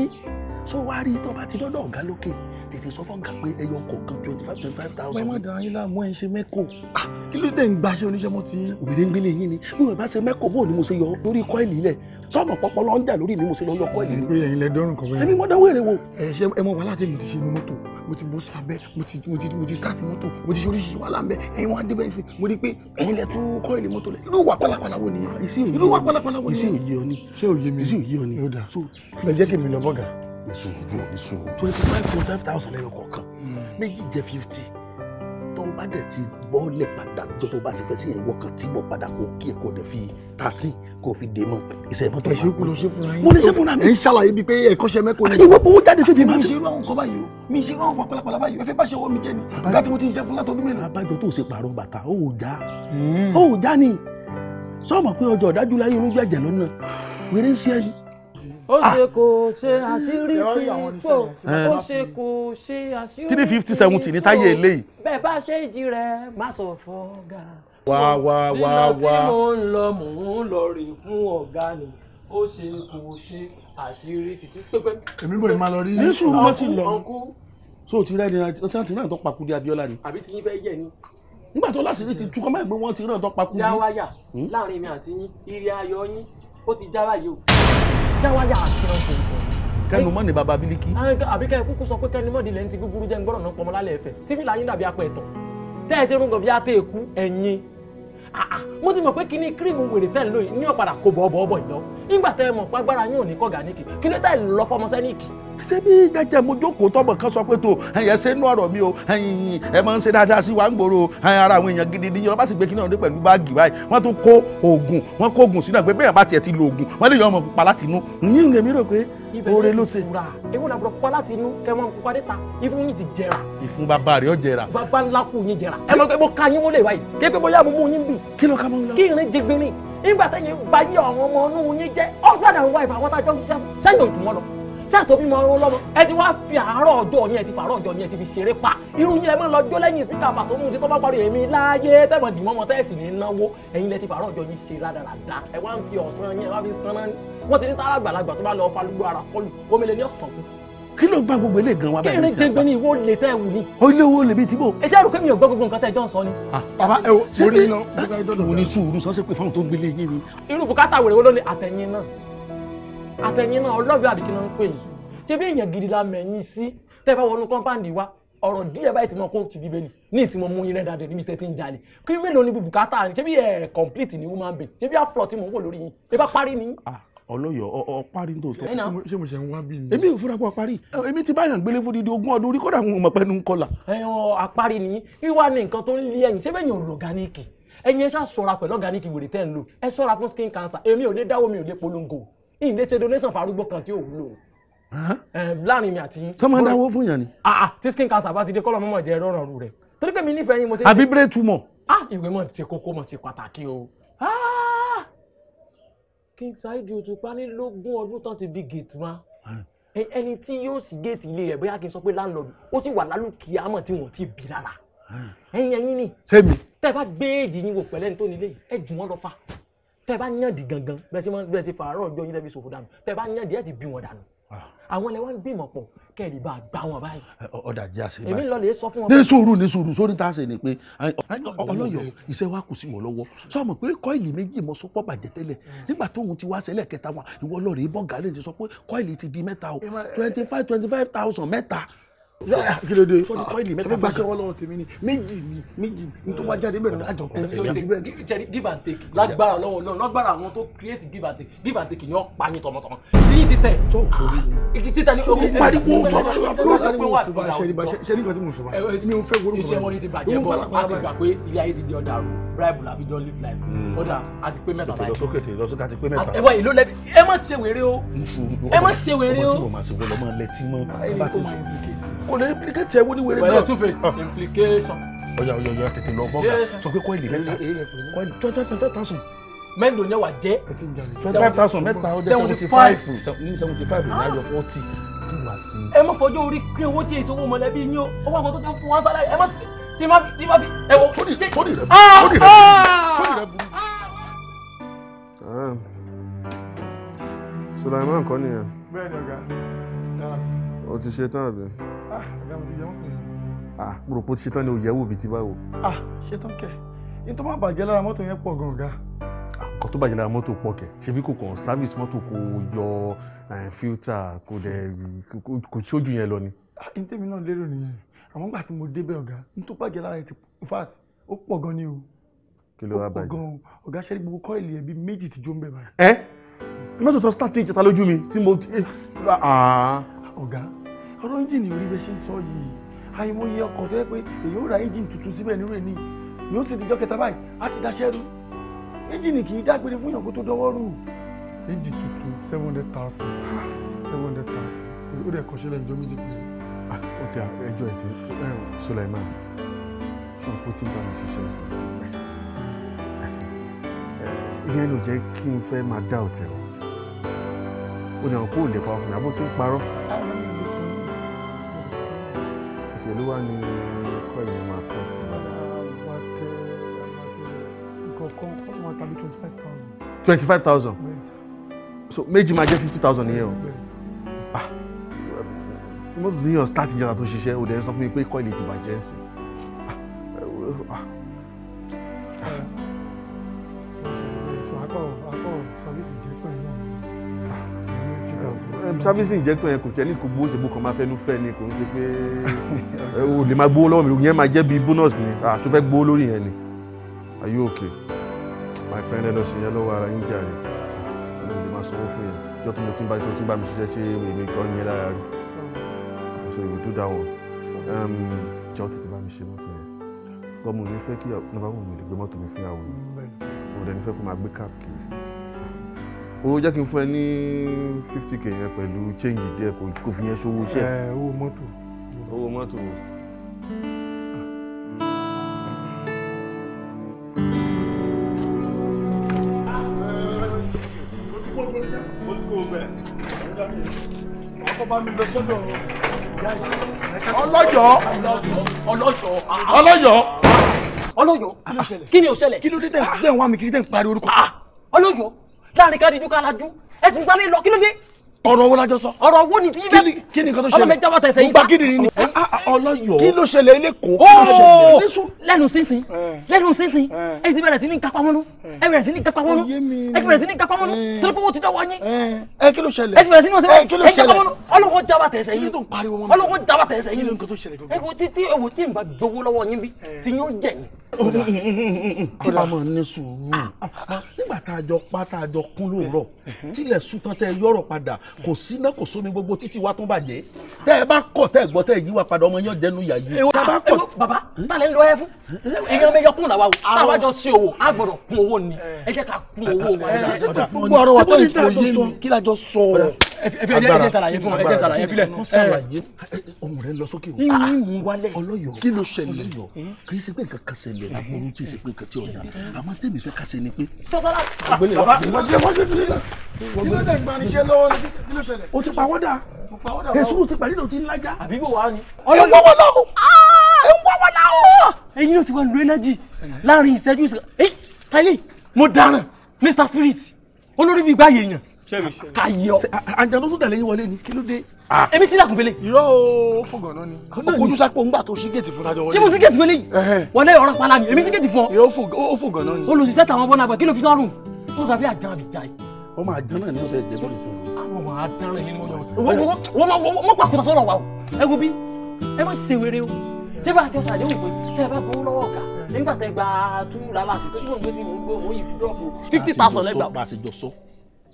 sọ̀rọ̀ so wá rí tó bá ti dọ́dọ̀ ọ̀gá lókè tètè sọ fọ́gà pé ẹyọ kọ̀ọ̀kan twenty five twenty five thousand. wọ́n dàn yín láàmú ẹ̀ ń ṣe mẹ́kò ah, kí ló dé ń gbaṣẹ́ oníṣẹ́mọ́ ti. òbèrè ń gbélé yín ni bí wọ́n bá ṣe mẹ́kò bóò ni mo ṣe yọ lórí kọ́ìlì ilẹ̀ sọ́ọ̀mù pọ́pọ́ ló ń jà lórí mi mo ṣe lọ yọ kọ́ìlì. ẹni pé ẹ̀yin lẹ dọ́rùn kọ̀ọ̀kan. ẹni wọ́n dánwó èrè wo. ẹ ṣe ẹ mọ wàhálà tèmi ti ṣe ní mọ́tò mo ti bọ́ sábẹ́ mo ti mo ti mo ti start mọ́tò mo ti ṣe oríṣiríṣi wàhálà ńbẹ ẹ̀yin wọn adébẹ̀ sí mo rí i pé ẹ̀yin lẹ tún kọ́ìlì mọ́tò lẹ irú wà pálapàla wo nìyẹn ah, irú wà pálapàla wo nìyẹn. ìsìn òye ọ ni ṣé òye mi ìsìn òye ọ ni. so ẹ jẹ́ kí mi lọ bọ́gà ní sùúrù ní sùúrù twenty five point five thousand lẹ́yìn kọ̀ọ̀kan hmm. méjì jẹ́ fifty tó bá dẹ̀ ti bọ́ọ̀lẹ̀ padà tó tó bá ti fẹ́ sí ìwọ kan tí mo padà kò kí kò dẹ̀ fi thirty kò fi dè mọ́ ìṣe ìmọ̀ tó máa ń ṣe fúnra yín mo ní ṣe fúnra mi. ẹ ń ṣàlàyé bíi pé ẹ̀kọ́ṣẹ́ mẹ́kọ ni. Ah, ìwọ owó jáde fún mi. mi ṣe irú àwọn kan báyìí o mi ṣe irú àwọn pàlàpàlà báyìí o ẹ fẹ́ bá ṣe owó mi jẹ ni ọ̀gá tí mo ti ń ṣe fún látọdún mẹ́rin. abájọ tó ṣe pààrọ̀ bàtà ó ò já hmm. ó ò já ni sọ́ọ̀mọ̀ pé ọjọ́ ọ̀dájú láyé orúgbẹ́jẹ̀ lọ́nà wẹ́rẹ́ sí ẹni Ah. ó ṣe kò ṣe àṣírí kìípo ó ṣe kò ṣe àṣírí three fifty seventy ní táyé eléyìí. bẹ́ẹ̀ bá ṣe ìjì rẹ̀ má sọ fọ́gà. wá wá wá wá. nínú tí mo ń lọ mò ń lọ rí fún ọ̀gá ni ó ṣe kò ṣe àṣírí títí pépé. èmi bò máa lọ rí ní sùúrù wọn ti lọ so ti rẹ ni ọsàn ti rẹ tó pakudi Abíọ́lá ni. àbí ti yín fẹ́ yẹ ni nígbà tó láṣìírí ti tú kọ́ máa wọ́n ti rán ọ̀dọ́ pakú. jáwáyà láàrin mi àti yín ire ayọ̀ yín ó ti já báyìí o jáwáyà àti ọkọ̀ òkun. kẹnu mọ́ ni baba bílíkì. Ah, àbí kẹ́ ẹ kúkú sọ pé kẹnu mọ́ ni lẹ́ni ti gbúgbúrú jẹ́ ń gbọ́dọ̀ náà pọmọ lálẹ́ ẹ̀fẹ̀ tí fìlà yín dàbí apẹ̀ ẹ̀tọ̀ tẹ́ ẹ ṣe rúngàn bí a tẹ́ ẹ̀kú ẹ̀yìn Ah, ah, mo ti mọ̀ pé kini kírímù wèrè tẹ́ ń lò yìí ní ọ̀padà kò bọ̀ ọ̀bọ̀ ọ̀bọ̀ ìlọ nígbà tẹ́ ẹ mọ̀ pé agbára yóò ní kọ́gàníìkì kí ló tẹ́ ẹ lọ fọmọ sẹ́nìkì. ṣé bí jẹjẹ mo jókòó tọmọ kan sọ pé tó ẹyẹ ṣe inú ọ̀rọ̀ mi o ẹyin ẹ máa ń ṣe dáadáa sí wa ń gbòòrò ẹyin ara àwọn èèyàn gidi ni yorùbá sì gbé kíní ọdún pẹ̀lú báàgì báyìí wọ́n tún kó oògùn wọ́n kó oògùn sínú àgbẹ̀ bẹ́ẹ̀ bá tiẹ̀ oore ló ṣe. ewu la bọ̀ pa láti inú kẹ́ mọ́ kó padé ta ìfún yín ti jẹra. ìfún bàbá rẹ̀ ó jẹra. bàbá ńlá kù yín jẹra. ẹ mọ̀ pé mo ka yín wọlé báyìí kéèpé bóyá mo mú yín bì. kí ló ká mọ́ ń kí irin jẹ gbẹ́ni nígbà tẹ́yìn bá yí àwọn ọmọ inú yín jẹ́ husband and wife àwọn tájọ́ ń ṣiṣẹ́ sẹ́yìn òtún wọn lọ sáà tó bímọ ọrùn lọ́mọ ẹ ti wá fi àárọ̀ ọjọ́ yẹn ti fàárọ̀ ọjọ́ yẹn ti fi ṣeré pa irú yẹn mọ́ lọ́jọ́ lẹ́yìn spíkà pàtó mú ti tó bá parí èmi láàyè tẹ̀mọ̀ dìmọ́ mọ́ tẹ́sì ní náwó ẹ̀yin lẹ ti fàárọ̀ ọjọ́ yìí ṣe rádaràda ẹ wá ń fi ọ̀sán yẹn wá fi sanná ni wọ́n ti ní tára àgbàlagbà tó bá lọ falùgbò ara kọlù omele ní ọ̀sán kù kí ló gba gbogbo ilé gan wa báyìí ní sábà kí ni jẹgbẹ ni ìwọ lè tẹ wù ni. o ilé wo lè bi tìbò. ẹ jẹ́ àròkẹ́ mi ò gbọ́ gbogbo nǹkan tẹ́ ẹ jọ ń sọ ni. Ah, bàbá ẹ wo orí iná. mo ní sùúrù sọ́sẹ́ pé fáwọn tó ń gbélé yín ni. irú bùkátà wèrè wo ló ní àtẹ̀yìn náà àtẹ̀yìn náà ọlọ́bẹ̀ àbí kí ló ń pè yín tẹ́bí èèyàn gidi la mẹ̀yìn sí tẹ́ bá wọnú kọ́ńpáǹdì wa ọ̀rọ̀ díẹ̀ báyìí ti mọ kó ti bíbélì ní ìsìnmọ̀ mú yín rẹ̀ níbi tẹ́tí ń jalè kí mélòó ni bùkátà ṣé bí ẹ̀ complete ni woman bẹ̀ ṣé bí àfúlọ̀ tí mò ń wò lórí yín ẹ bá parí ni. Ah, ọlọ́yọ̀ ọ parí ní tòótọ́. ṣé mo ṣe ń wá bí ni. èmi ò fura pé ọ parí èmi ti báyàn gbélé fún dídí ogún ọdún orí kódà mo mọ̀ pẹ́ẹ́nu kọlà. ẹ̀hún àparí ni wíwá ni nǹkan tó ń lé ẹ̀yìn ṣé bẹ́ẹ̀ yàn ọ̀gáníìkì ẹ̀yin ẹ ṣáà pẹ̀lú ọ̀gáníìkì wèrè tẹ́ ń lò ẹ ṣọ́ra fún skin cancer èmi ò lè dáwọ́ mi ò lè polongo ìyìnlẹ̀ ṣe donation farúgbó kan tí ò wúlò láàrin mi àti. sọmọ dáwọ fún yàn ni. Ah, ah, tí skin cancer bá ti dé kọ́lọ́ mọ́mọ́ jẹ́ rọrùn ọ̀rù rẹ̀ torí pé mi nífẹ̀ẹ́ yín mo ṣe. àbí brain tumor. ah ìwé mọ̀ ti kókó mọ̀ ti pàtàkì o. Ah! king saheed òtúpá ní lógún ọdún tán ti bí gate ma ẹni tí yóò sì géètì ilé rẹ̀ bóyá kí n sọ pé láńlọ́ọ̀dù ó sì wà lálùkì àmọ̀ tí wọ́n ti bí rárá ẹ̀yin ẹ̀yin ni. sẹ́mi. tẹ́ ẹ bá gbé èjì yín wò pẹ̀lẹ́ni tó nílé ẹ jù wọ́n lọ fa tẹ bá yàn di gangan bẹ́ẹ̀ ti bẹ́ẹ̀ ti fàárọ̀ ọjọ́ yín lẹ́bi ṣòfò dànù tẹ bá yàn di ẹ̀ ti bí wọn dànù ah. àwọn ẹlẹ́wọ̀n ń bímọ pọ̀ kẹ́ẹ̀rì bá gbá wọn báyìí. ọ̀dà jẹ́ àṣẹ báyìí èmi lọ lè sọ fún wọn. ní sùúrù ní sùúrù sórí tá a ṣe ni pé ọlọ́yọ̀ iṣẹ́ wa kù sí wọn lọ́wọ́ sọ ma pé kọ́ìlì méjì mọ sọ́pọ̀ bàjẹ́ tẹ́lẹ̀ hmm. nígbà tóun ti wá sẹ́lẹ̀ kẹta wọn ìwọ lọ́ọ̀rẹ́ bọ́ gàlẹ́ twenty five twenty five thousand mẹ́ta Ah, kí ló dé sọ́ni kọ́ìlì mẹ́ta fún gbàṣẹ́ ọlọ́run tèmi ni méjì ni méjì ni tó bá jáde bẹ̀rẹ̀ àjọ pẹ̀lú. give and take lágbára ọlọ́run náà lágbára àwọn tó create give and take give and take ni wọ́n pa yín tọmọtọmọ tí ti tẹ̀. tó o sori ni ìtì títà ni ogun pẹ̀lú pariwo jọba ló ti pé wà ní ìdáwọ́ sẹ́ni kan tí mo sọ bá eh, eh, mi ò fẹ́ gbórúkọ. iṣẹ́ wọn ni ti bàjẹ́ bọ́ a ti gbà pé ilé ayé ti di ọ̀dà rú bribe la jọ live life hmm. ọ̀dà a ti pé mẹ́ta láì fún mi. lọ́sọ̀kẹ́ àti pé mẹ́ta. ẹ̀wọ̀n ìlú lẹ́bi ẹ má ṣe wèrè o ẹ má ṣe wèrè o. ọmọ tí mo máa ṣe wọ́n lọ́mọ lẹ́tí mọ́ bá ti sùn kò lè implicate ẹ wo ni wèrè náà. wẹ̀rẹ̀ two face ah. implication. ọ̀yà ọ̀yà ọ̀yà tètè lọ bọ́ọ̀gà sọ pé kọ́ìlì mẹ́ta kọ́ìlì twenty five thousand. mẹ́ndò yẹn wà jẹ́. twenty five thousand mẹ́ta ó jẹ́ seventy five seventy five ìdájọ́ forty ẹ má fọjọ́ orí kí owó tí èso owó mọ̀lẹ́bí yín o owó àwọn tó ti ń fún wọn sálẹ̀ ẹ má sì tí má fi tí má fi ẹ wọ. sódì sódì rẹ sódì rẹ sódì rẹ burú. Ah! Ah. Sulaiman kọ́ nìyẹn. bẹ́ẹ̀ ni ọ̀gá o ti ṣe tán àbí. ah ọ̀gá mi ti yẹ wọ́n ah mo rò pé o ti ṣe tán ni o yẹ wò bíi ti báwo. ah ṣe tán kẹ̀ ní tó má bàjẹ́ lára mọ́tò yẹn pọ̀ gan ọ̀gá. Ah, nǹkan tó bàjẹ́ lára mọ́tò pọ̀ kẹ̀ ṣe bí kò kàn sáfíìsì mọ́tò kò yọ eh, fíltà kò dẹ̀ kò ṣojú yẹn lọ ni. ah ní tèmi náà lérò nìyẹn àmọ́ gbà tí mo débẹ̀ ọ̀gá ní tó bàjẹ́ lára ti in ó pọ̀ gan ni o. kí ló wá bàjẹ́ o ọ̀gá ṣẹ́ni gbogbo kọ́ìlì ẹ̀bí méjì ti jó ń bẹ̀ báyìí. ẹ eh? mọ́tò tó start ní ìjẹta lójú mi tí eh, ah ọ̀rọ̀ ẹ́ńjìnì orí bẹ́ẹ̀ ṣe ń sọ yìí àìmọye ọkọ̀ tó yẹ pé èyí ó ra ẹ́ńjìnì tuntun síbẹ̀ nírú ẹ̀ níyì yóò sì dijọ́ kẹta báyìí á ti daṣẹ́ rú ẹ́ńjìnì kì í dágbére fún yàn kó tó dọwọ́ rú. ẹ́ńjìnì tuntun seven hundred thousand seven hundred thousand ó dẹ̀ kọ́ṣẹ́ lẹ́yìn jọ́méjì pé ah, ó tẹ ẹjọ́ ẹ̀ tí Suleiman ṣé òkú ti ń bá mi ṣiṣẹ́ sí i ti pẹ́ ìyẹn ló jẹ́ kí n fẹ́ máa dá òtẹ̀ o ó ní àwọn kó lè pa ọkùnrin àbó ń parọ́ pẹ̀lú ni ẹ̀kọ́ yìí máa kọ́ sí wa. wà á nǹkan kan ó tàbí twenty five thousand. twenty five thousand so méjì máa jẹ́ fifty thousand nìyẹn o ah, mo ti yàn start ìjọba tó ṣiṣẹ́ o dẹ̀ sọ fún mi pé kọ́ìlì ti bàjẹ́ sí i. Ah, ah, service injector yẹn kò tẹ́ ní kò gbó ṣègbó kan máa fẹ́ nu fẹ́ ni kò ń ṣe pé o lè máa gbówó lọ́wọ́ mi yẹn máa jẹ́ bíi bonus ni àti fẹ́ gbówó lórí yẹn ni are you okay my friend ẹ lọ sí yẹn lọ́wọ́ ara yín jàre ẹ lè máa sanwó fún yẹn ìjọ tó mo ti ń bá tó ti ń bá mi ṣiṣẹ́ ṣe èmi kan yẹn lára rí so you do that one jọ tètè bá mi ṣe mọ́tò yẹn lọ́mọ mi fẹ́ kí nọ́mbà wọn mi o jẹ́ kí n fún ẹ ní fifty k yẹn pẹ̀lú change díẹ̀ kò fi yẹn ṣòwò iṣẹ́. ẹ owó mọ́tò. owó mọ́tò. ọlọ́jọ́ ọlọ́jọ́ ọlọ́jọ́ ọlọ́jọ́ kí ni ó ṣẹlẹ̀ kí ló dé tẹ̀ ń wá mi kí ló dé ń pariwo orúkọ ah! ọlọ́jọ́ láàrin ká dijú ká lajú ẹ sì sáré lọ kí ló dé. ọ̀rọ̀ wo la sọ. ọ̀rọ̀ wo ni tí bẹ́ẹ̀. kí ni nǹkan tó ṣẹlẹ̀ ọlọ́mọ ìjábọ̀ tẹ̀sẹ̀ yìí sá. mo gba kídìrín ni. Ah, ah, ọlọ́yọ̀ kí ló ṣẹlẹ̀ eléko. lẹ́nu sísìn eh. lẹ́nu sísìn eh. ẹ ti bẹ̀rẹ̀ sí ní kápá wọnú eh. ẹ bẹ̀rẹ̀ sí ní kápá wọnú ẹ ti bẹ̀rẹ̀ sí ní kápá wọnú torí pé wọ́n ti dọ́wọ́ yín. ẹ kí ló ṣẹlẹ̀ ẹ ti bẹ̀rẹ̀ sí ní ọ̀sẹ̀ ẹ kí ló ṣẹlẹ̀ ọlọ́wọ́ jábà tẹ̀sẹ̀ yín ọlọ́wọ́ jábà tẹ̀sẹ̀ yín ẹ kò tí ẹ wò tí n bá gbowó lọ́wọ́ yín bí tí yóò jẹ̀ yín kí la máa ní sùúrù ah, nígbà tá a jọ pa tá a jọ kún lóòrọ̀ tilẹ̀ sùn tán tẹ yọ̀rọ̀ padà kò síná kò sómi gbogbo títí wa tún bàjẹ́ tẹ́ ẹ bá kọ̀ tẹ́ ẹ gbọ́ tẹ́ ẹ yí wa padà ọmọ yẹn dẹnu yà yìí. ewo baba ewo baba talẹ ń lọ ẹ fún èèyàn bẹ yọ kún làwa o táwa jọ sí owó a gbọ́dọ̀ kún owó ni ẹ jẹ ká kún owó wa. ṣé ṣe kò fún ọ̀rọ̀ wa tó yìí tó yé mi kí la jọ sọ ẹjẹ ṣàlàyé fún ẹjẹ ṣàlàyé fílẹ. mo ṣàlàyé ohun rẹ lọ sókè o. ní mú wálẹ̀ ọlọ́yọ̀ kí ló ṣẹlẹ̀ kì í ṣe pé nǹkan kan ṣẹlẹ̀ àbúrú tí ì ṣe pé nǹkan tí ò dá àmọ́ tẹ̀mí fẹ́ ká ṣe ni pé. sọ́kọ́lá ọ̀gbẹ́lẹ̀ wá. kí ló dé ìgbaniṣẹ́ lọ́wọ́ kí ló ṣẹlẹ̀. o ti pawọ́dà èsúrù ti pàdé lòtí ńlájà. àbígbò wa ni. ọyọ wọwọ lọ ẹ ń wọwọ la o. ẹyin náà ti wá lu ẹnájì láàrin ìṣẹ́jú ìṣẹ́jú ẹ tẹ́lẹ̀ mo dáràn mr spirit olórí bíi gbáyé yàn ká yọ. àjàdún tún tẹ̀lé yín wọlé ni kí ló dé. Ah. èmi sí làkùn fẹlẹ. irọ́ o fọ̀gàn náà ni. o kojú sápò ńgbà tó sí géètì fún tajọ wọlé. tí mo sí géètì fẹlẹ yìí wọlé ọ̀rọ̀ pala ni èmi sí géètì fún ọ. irọ́ o fọ̀gàn náà ni. olùsíṣẹ́ tàwọn bọ́nà àgbà kí ló fi sọ́rùn tó dàbí àjàn àbíjà yìí ó máa dán náà ní ọ̀sẹ̀ ìjẹ́ bọ́ọ̀lù sí i. àwọn máa dán náà nínú ọ̀yọ́ wọ́n wọ́n pàkúrọ̀ sọ̀rọ̀ wa o ẹ wo bí ẹ má ṣe wéré o ṣé bá a jọ sàdéhùn pé tẹ́ ẹ bá gbowó lọ́wọ́ ọ̀gá nígbà tẹ́ gba two rara àti tó yíwọ̀n gbèsè ìwọ̀n gbòòrò yìí fi dọ́ọ̀fù fifty thousand lẹ́gbà. bá a ṣe jọ sọ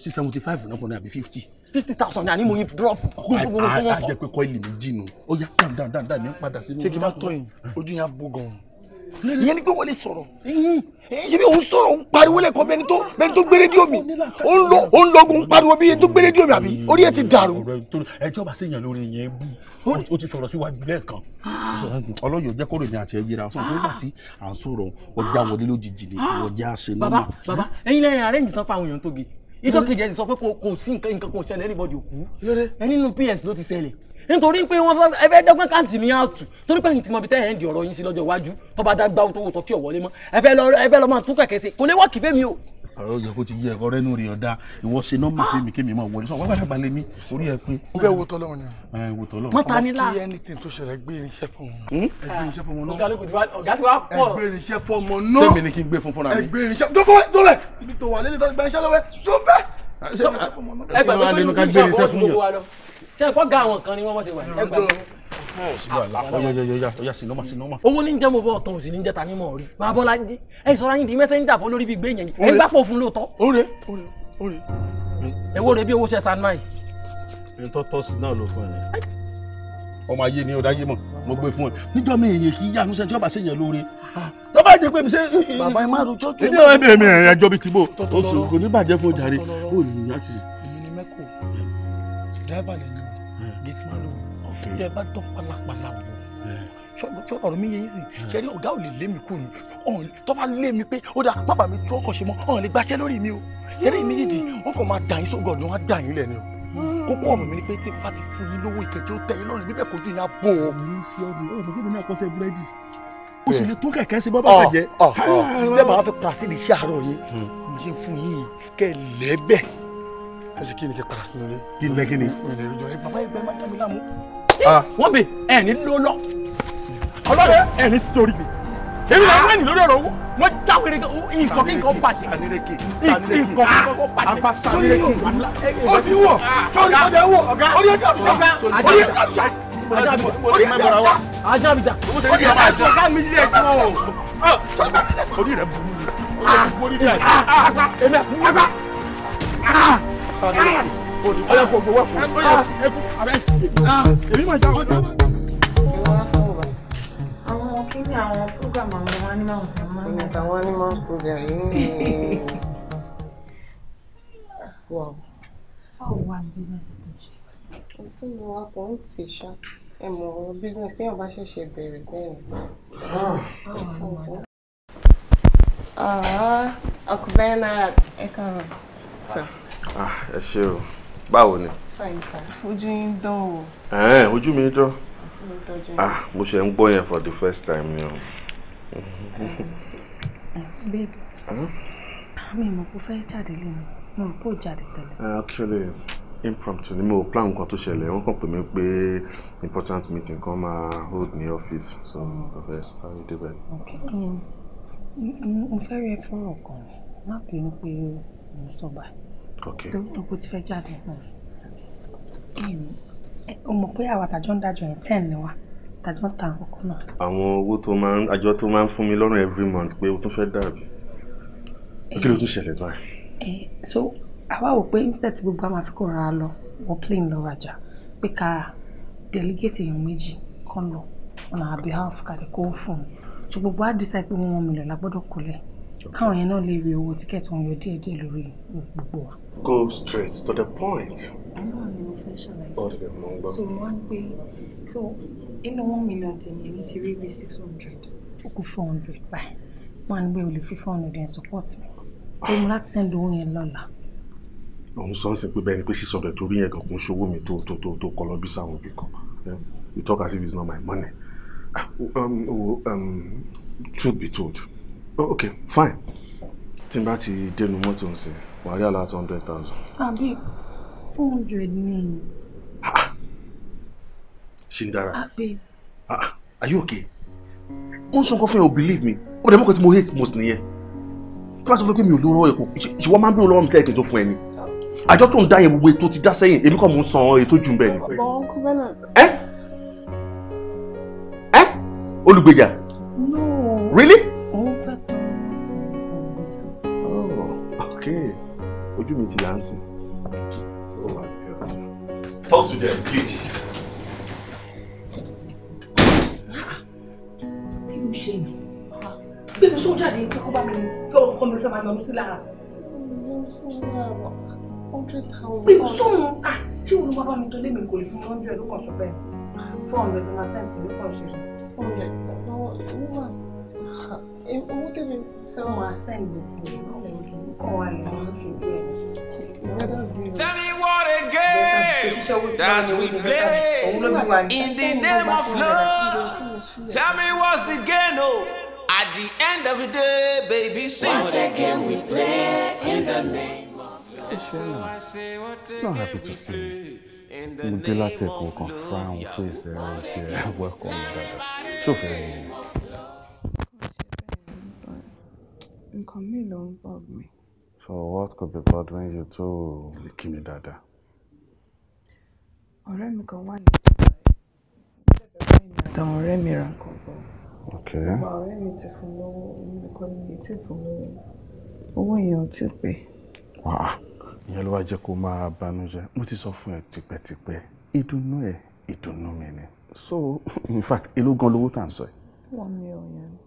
sí seventy five náà fún mi àbí fifty. fifty thousand náà ni mo yí dọ́ọ̀fù. a jẹ pé kọ́ ilé mi ó yá dáadáa dáadáa mi padà sínú. ṣé kí n bá tọ́ ojú yẹn á bó gan-an ìyẹn ni pé wọlé sọ̀rọ̀ ṣe bí òun sọ̀rọ̀ òun pariwo lẹ́kọ̀ọ́ bẹni tó bẹni tó gbé rédíò mi òun lọ òun lọgun òun pariwo bí ẹni tó gbé rédíò mi àbí orí ẹ ti dàrú. ẹjọ́ bá ṣèyàn lórí yẹn bú ó ti sọ̀rọ̀ síwájú lẹ́ẹ̀kan ọlọ́yọ̀ jẹ́ kórè mi àti ẹ̀yẹ́ra fún un nígbà tí à ń sọ̀rọ̀ ọjà wọlé lójijì ni ọjà ṣe náà. bàbá bàbá ẹ̀yin lẹ́yìn arẹ́ǹjì tán fáwọn èèyàn tó ge ìjọ kejì ẹ̀ sọ pé kò sí nǹkan kò ṣẹlẹ̀ everybody òkú ẹ nínú PS ló ti ṣẹlẹ̀ nítorí pé wọ́n fẹ́ fẹ́ dẹ́gbọ́n káǹtì mi á tù torí pé ìtìmọ̀ bíi tẹ́yẹ̀ ń di ọ̀rọ̀ yín sí lọ́jọ́ iwájú tó bá dá gbáwó tó wò tọ́tí ọ̀wọ́lé mọ́ ẹ fẹ́ lọ ẹ fẹ́ lọ máa tún kẹ̀kẹ́ sí kò lè wọ́ọ̀kì fẹ́mi o. ọ̀rọ̀ yẹ kó ti yẹ ẹ̀kọ́ rẹ́nu rẹ̀ ọ̀dà ìwọ ṣe nọ́mbà fẹ́mi kémi mọ̀ wọlé sọ wọ́n bá mi orí ẹ pé. mo fẹ́ wo tọ́lọ́run ni. ẹ wo tọ́lọ́run. mọ́ta ṣe kọ́ ga àwọn kan ni wọ́n bọ́ ti wà ẹgbà owó ní jẹ́ mo bọ́ ọ̀tọ̀ òsì ní jẹ́ ta ni mo rí bàbá Bọ́lájí ẹ sọ́ra yín di mẹ́sẹ́ńjà fún lórí gbígbé yẹn ẹ gbà pọ̀ fún lóòótọ́. ó rè ó rè. èwo rè bí owó ṣe san náà. ẹni tó tọ́ sí náà ló fún ẹ. ọmọ ayé ni ó dáyé mọ̀ mo gbé fún ẹ níjọ́ mi èyàn kì í yanu sẹ́ni tí wọ́n bá ṣèyàn lóore tó bá jẹ́ pé mi ṣe. bàbá ẹ má ro jọ́kẹ́. èmi ò ẹ̀mí ẹ̀rìn àjọ bíi tìbò oṣù kò ní bàjẹ́ fún ọjà rẹ̀ ó ní ìyá ti. èmi ni mẹ́kò dráìbà lè ní minute máa lò tẹ bá dán pálapàla wò ṣọ eh. ọ̀rọ̀ mi yẹ yín sìn ṣe rí ọ̀gá ò lè lé mi kù ni tó lé mi pé ó dáa má mi tú ọkọ̀ ṣe mọ́ ọ̀hún lè gbaṣẹ́ lórí mi o ṣe rí mi yídì wọn kàn máa dà yín sóògùn ọ̀dùn wọn á dà yín lẹ̀ ni o hmm. kókó ọmọ mi ni pé tí bá ti fún yín lówó ìkẹjẹ ó tẹ yín lọ́rùn níbẹ̀ kó dùn yín bò ó. mi ṣe ọdún ọmọ kí mi náà kọ́ búrẹ́dì ó eh. sì lè tún kẹ̀kẹ́ ah, ah, ah. sí bọ́bá bàjẹ́ ẹ ṣe kí ni kí padà sínú ilé. kí ni kí ni. bàbá ìgbẹ́ má dá mi láàmú. wọ́n bẹ ẹni ló lọ ọlọ́dẹ ẹni torí mi èmi náà wẹ́ẹ̀nì lórí ọ̀rọ̀ owó mo jáwèrè nǹkan kí nǹkan bàjẹ́ nǹkan kí nǹkan bàjẹ́ sórí yóò ọdí wọ sórí ọdẹ wọ ọgá orí ẹjọ àbúṣe ọgá orí ẹjọ àbúṣe orí ẹjọ àbúṣe ajá mi jà orí ẹjọ àbúṣe ọgá mi lé ẹjọ orí rẹ burú ni orí rẹ burú ni ọ̀yà kò gbowó fún un. èmi máa já wọn. àwọn kí ni àwọn program àwọn animals máa ń. àtàwọn animals program yìí ni. wow. báwo wà business approach. ohun tí mo wá kàn business téèyàn bá ṣẹ̀ṣẹ̀ Ah, akubena. Ẹ káàárọ̀. So ah ẹ ṣe o báwo ni. fine sir ojú yín dán o. ẹ̀ẹ́n ojú mi dán. àti mo tọ́jú ah mo ṣe ń gbọ́ yẹn for the first time ni o. babe mi mọ̀ kó fẹ́ jáde lẹ́nu mo rò pé ó jáde tẹ́lẹ̀. Ah, actually impromptu ni mo plan nǹkan tó ṣẹlẹ̀ wọ́n kàn pè mí pé important meeting kan máa hold ní office so mo fẹ́ sáré débẹ̀. Um, mo fẹ́ rí ẹ fọ́rọ̀ kan má bínú pé mo sọ báyìí dókítà kò ti fẹ́ jáde hmm. o mọ̀ pé àwa tàjọ ń dájọ yẹn ten ni wa tàjọ ń ta àkókò náà. àwọn owó tó máa ń àjọ tó máa ń mi lọ́rùn every month pé o tún fẹ́ O kí ló tún ṣẹlẹ̀ báyìí. so àwa wò pé instead gbogbo àwọn àfikún ra lọ wọ plane lọ rajà pé ká delegate èèyàn méjì kan lọ on our behalf ká de kó fún un so gbogbo á decide pé one million la bodo kó lẹ́yìn káwọn yẹn náà lè rí owó tíkẹ́ẹ̀tì wọn yọ díẹ̀díẹ̀ lórí gbogbo wa. go straight to the point. àwọn àmì mo fẹ́ ṣàlàyé. ọ̀rẹ́ mo ń gbọ́. so wá ń so inú one million tèmi ní ti rí bí six hundred. ó kù four hundred báyìí wọn á ní pé o lè fi four hundred yẹn support mi pé mo láti send owó yẹn lọ́la. òun sọ ń sìn pé bẹ́ẹ̀ ni pé six hundred torí yẹn kankan ṣòwò mi tó tó tó kọ lọ bí sáwọn òbí kan you talk as if it's not my money. Uh, um, oh, um, truth be told oh, okay fine tí n bá ti dénú mọ́tò ń sìn wàá rí àlàtọ̀ hundred thousand. àbí four hundred ni. Shindara ah, ah. àbí. Ah, are you okay? wọ́n sọ nǹkan fún believe me ó dẹ̀ mọ́ kan tí mo hate most nìyẹn tí wọ́n sọ fún mi pé mi ò lówó epo ìṣòwò máa ń bèrè lọ́wọ́ mi tẹ́lẹ̀ kí n tó fún ẹ ni àjọ tó ń dá gbogbo ètò ti dá sẹ́yìn èmi kàn mò ń san ètò jù ni. ẹ ẹ olùgbèjà. no really. ojú mi ti yà ń sìn. Talk to them, please. kí ló ṣe yàn bí mi sóun jáde fẹ́ kó bá mi yọ ọkọ mi fẹ́ máa yọnu sí lára. bí mi sóun ah tí olúwa bá mi tó lé mi kò lè fún mi hundred ló kàn sọ bẹ́ẹ̀ four hundred naira cent ló kàn ṣe four hundred lọ́wọ́ owó tèmi sẹ́wọ̀n. máa sẹ́yìn gbogbo ẹ̀ náà Tell me what again that we play in the name of love. Tell me what's the game, oh, at the end of the day, baby, sing. What again we play in the name of love. So I say what again happy to see mo dé láti ẹ̀kọ́ kan fáwọn fèsì ẹ̀rọ ti ẹ̀ wẹ́kọ̀ọ́ mi dáadáa ṣòfò ẹ̀yìn. nǹkan mi ló ń bug mi. so what could be bothering you too, kí mi dáadáa. ọ̀rẹ́ mi kan wà ní ìjọba ẹ̀ àtàwọn ọ̀rẹ́ mi ra nǹkan bọ̀. okay. ọba ọ̀rẹ́ mi ti fún lówó èmi nìkan ni mi ti fún lówó owó yẹn ò tí pé. wàá ìyẹn ló wá jẹ́ kó máa banújẹ́ mo ti sọ fún ẹ tipẹ́tipẹ́ ìdùnnú ẹ ìdùnnú mi ni so in fact èló gan lówó tà ń sọ ẹ. one million.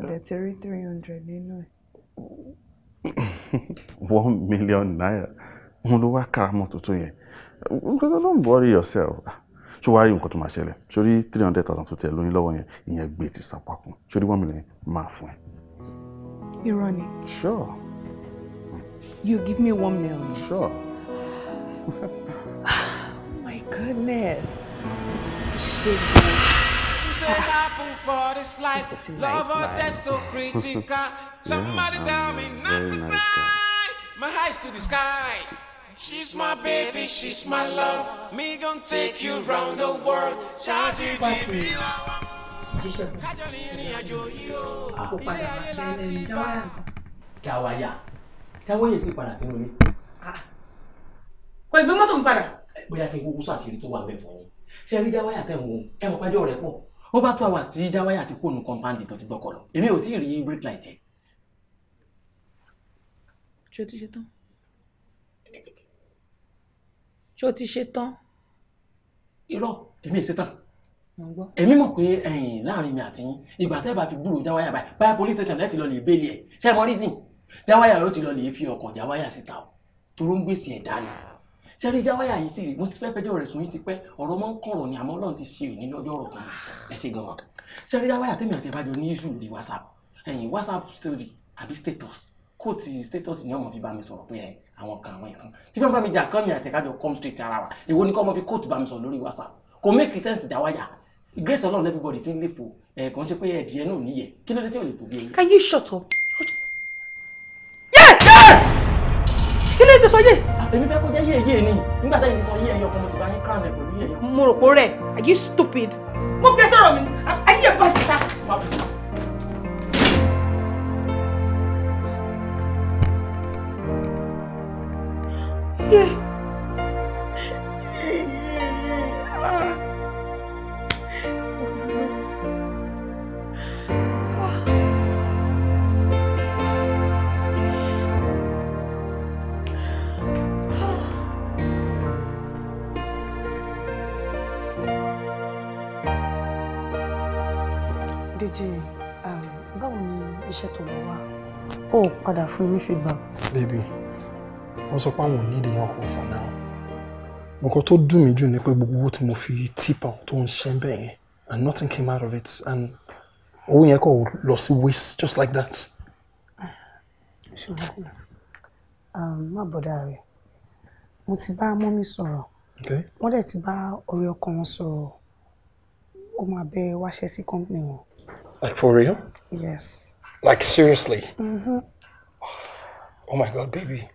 Ilẹ̀ ti rí three hundred nínú ẹ̀. *laughs* One million naira. Òun ló wá karamọ́ tuntun yẹn. Don't worry yourself. Ṣé wàá rí nǹkan tó máa ṣẹlẹ̀? Ṣorí three hundred thousand tó tẹ̀ lóyún lọ́wọ́ yẹn, ìyẹn gbé ti sàpapọ̀. Ṣorí one million máa fún ẹ. Irọ́ ni. Sure. You give me one million. Sure. *sighs* oh my goodness. Shit happen for this life. nice Love or death so critical. *laughs* yeah, Somebody tell me not to nice cry. Guy. My eyes to the sky. She's my baby, she's my love. Me gon' take you round the world. Shout it, baby. Dáwáyà dáwáyà ti padà sínú ilé. Ah. Kò ìgbé mọ́tò mi padà. Bóyá kí n kúkú sọ àṣírí tó wà mẹ́fọ̀ọ́. Ṣé rí dáwáyà tẹ̀ ń wo ẹ̀wọ̀n pẹ́jọ́ rẹ̀ pọ̀? over two hours tí jáwáyà ti kó nu compound tó ti gbọ́kọ̀ lọ èmi ò tí ì rí brake light yẹn. ṣé o ti ṣe tán? ṣé o ti ṣe tán? irọ́ èmi ì ṣe tán èmi mọ̀ pé ẹ̀yìn láàrin mi àti yín ìgbà tẹ́ bá fi gbúròó jáwáyà báyìí báyà police station lẹ́ẹ̀tì lọ lè bẹ́ẹ̀lì ẹ̀ ṣé ẹ mọ reason jáwáyà ló ti lọ lè fi ọkọ̀ jáwáyà síta o toró ẹ̀dá ni ṣe rí jáwáyà yìí sì rí mo ti fẹ́ fẹjọ́ rẹ̀ sùn yín ti pẹ́ ọ̀rọ̀ mọ́ ń kọ̀rọ̀ ni àmọ́ ọlọ́run ti ṣe òní lọ́jọ́ ọ̀rọ̀ kan ẹ gan-an ṣe rí jáwáyà tèmi àti ìbájọ ní ìṣù lórí whatsapp ẹ̀yìn whatsapp story àbí status kóòtù status ni ọmọ fi bá mi sọ̀rọ̀ pé àwọn kan àwọn kan tí wọ́n bá mi jà kán mi àti ìkájọ come straight ara wa èwo ni kọ́ ọmọ fi kóòtù bá mi sọ̀rọ̀ Can you shut up? kí ló dé sọ yé èmi fẹ́ kó jẹ́ yéèyé ni nígbà tẹ́yìn ti sọ yé ẹyọ kan mo sì bá yín crown ẹ̀ pẹ̀lú yé ẹyọ. mo rò pé rẹ are you stupid. mo gbé sọ̀rọ̀ mi ayé ẹ̀ bá ti sá. Yeah. padà fún mi feedback. baby wọ́n sọ pé àwọn ò ní ìdí for now nǹkan tó dùn mí jù ni pé gbogbo owó tí mo fi tipa tó ń ṣe bẹ́ẹ̀ yẹn and nothing came out of it and owó yẹn kò lọ sí waste just like that. ṣùgbọ́n um, má bọ̀dá rẹ̀ mo ti bá mọ́mí sọ̀rọ̀ wọ́n dẹ̀ ti bá ọ̀rẹ́ ọkọ wọn sọ̀rọ̀ ó máa bẹ wáṣẹ́ sí company wọn. like for real? yes. like seriously? Mm-hmm. Oh my God, baby.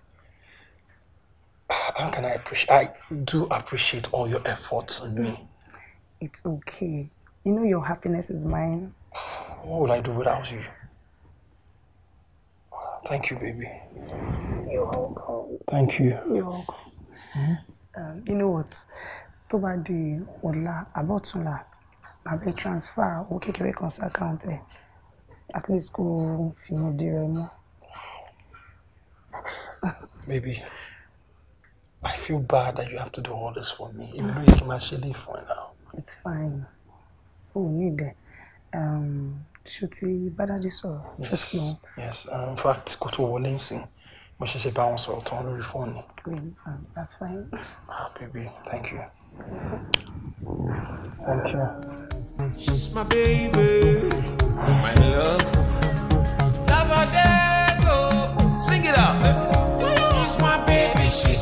How can I appreciate? I do appreciate all your efforts on me. It's okay. You know your happiness is mine. What would I do without you? Thank you, baby. You're welcome. Thank you. You're welcome. hmm Um, you know what? Tó bá di ọ̀la àbọ̀túnla, màá transfer Okay, kékeré kan sí At least go fi mọ̀ di rẹ̀ Baby, I feel bad that you have to do all this for me. Even though you can actually leave for now. It's fine. Oh, need the, Um, should he better this or yes, yes. Um, in fact, go to Walensing. But she said bounce or turn the refund. Green, um, that's fine. Ah, baby, thank you. Thank you. She's my baby, my love. Love her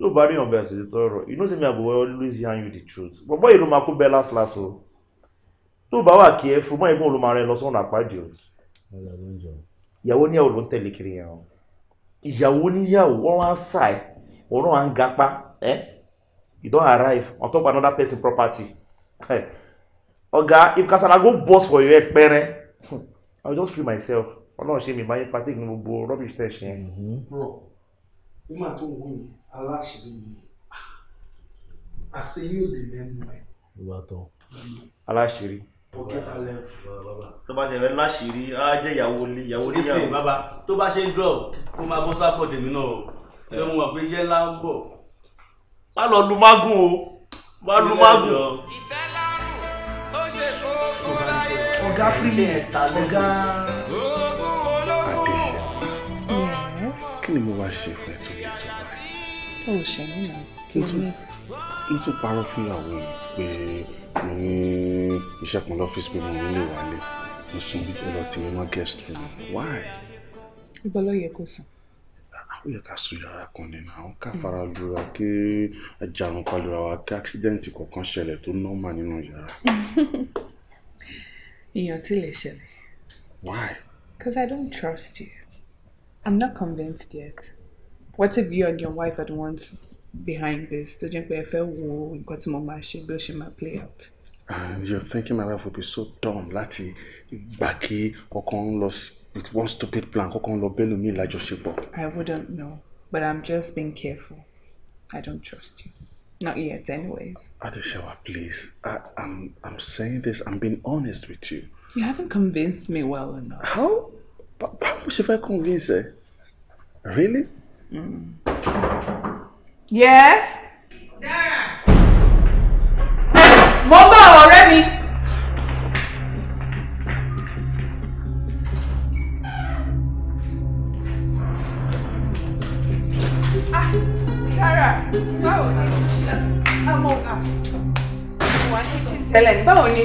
no bury on best is tọrọ you know say me i go always yarn you the truth but boy you máa kó bẹ́ẹ̀ last last So, oh. tó bá what kí ẹ fún mọ́ ẹ̀gbọ́n ló máa rẹ lọ sọ́nà àpáàdì o ìyàwó níyàwó ló ń tẹ̀lé kiri yẹn o ìyàwó níyàwó wọ́n wá ń sà ẹ̀ wọ́n náà wá you don't arrive on top of another person's property *laughs* ọ̀gá if kasala go boss for you, head pẹ́rẹ́ *laughs* i just feel myself ọlọ́run ṣe mi máa ń party. ní gbogbo rubbish tẹ̀ ṣe yẹn. Mm-hmm. Uma tó ń wò yẹn aláṣìírí ni àṣeyí ò lè mẹ́nu ẹ̀. ìwà tán aláṣìírí. pọkẹta lẹfù. tó bá ṣe fẹ́ láṣìírí á jẹ́ ìyàwó lé ìyàwó lé yàwó. ìsìn bàbá tó bá ṣe ń drug kó máa bọ́ sápò tèmi náà o ẹ mú àpé iṣẹ́ ńlá ń bọ̀. má lọ lu mágùn o má lu mágùn. ọ̀gá fún ọ̀gá. kí mo wá ṣe fún tó lè tó báyìí. ó ṣe mí náà. n tún parọ́ fún ìyàwó mi pé mo ní iṣẹ́ kan lọ́fíìsì pé mo nílé wálé mo sùn bí ọlọ́ tí mo guest room why. ibo yẹ kó sùn. Ah, ó yẹ ká sùn yàrá kan nínú àwọn ká fara lura kí ajarun palura wa kí accident kọ̀ọ̀kan ṣẹlẹ̀ tó normal nínú yàrá. *laughs* ìyàn tí lè ṣẹlẹ̀. why. because i don't trust you. I'm not convinced yet. What if you and your wife had once behind this? Do you think we wo nǹkan got mo máa ṣe bí she ṣe play out? And you're thinking my wife would be so dumb láti gbà kí ọkàn lọ with one stupid plan kọ́kàn lọ bẹ́ẹ̀ lómi I wouldn't know but I'm just being careful. I don't trust you. Not yet, anyways. Adeshawa, please. I, am I'm, I'm saying this. I'm being honest with you. You haven't convinced me well enough. How báwo ṣe fẹ́ convince her? really. Mm. yes. Dara. mo already. ah Dara báwo ni ọmọ ọ̀gá mo wà ní kitchen tẹ́lẹ̀ ní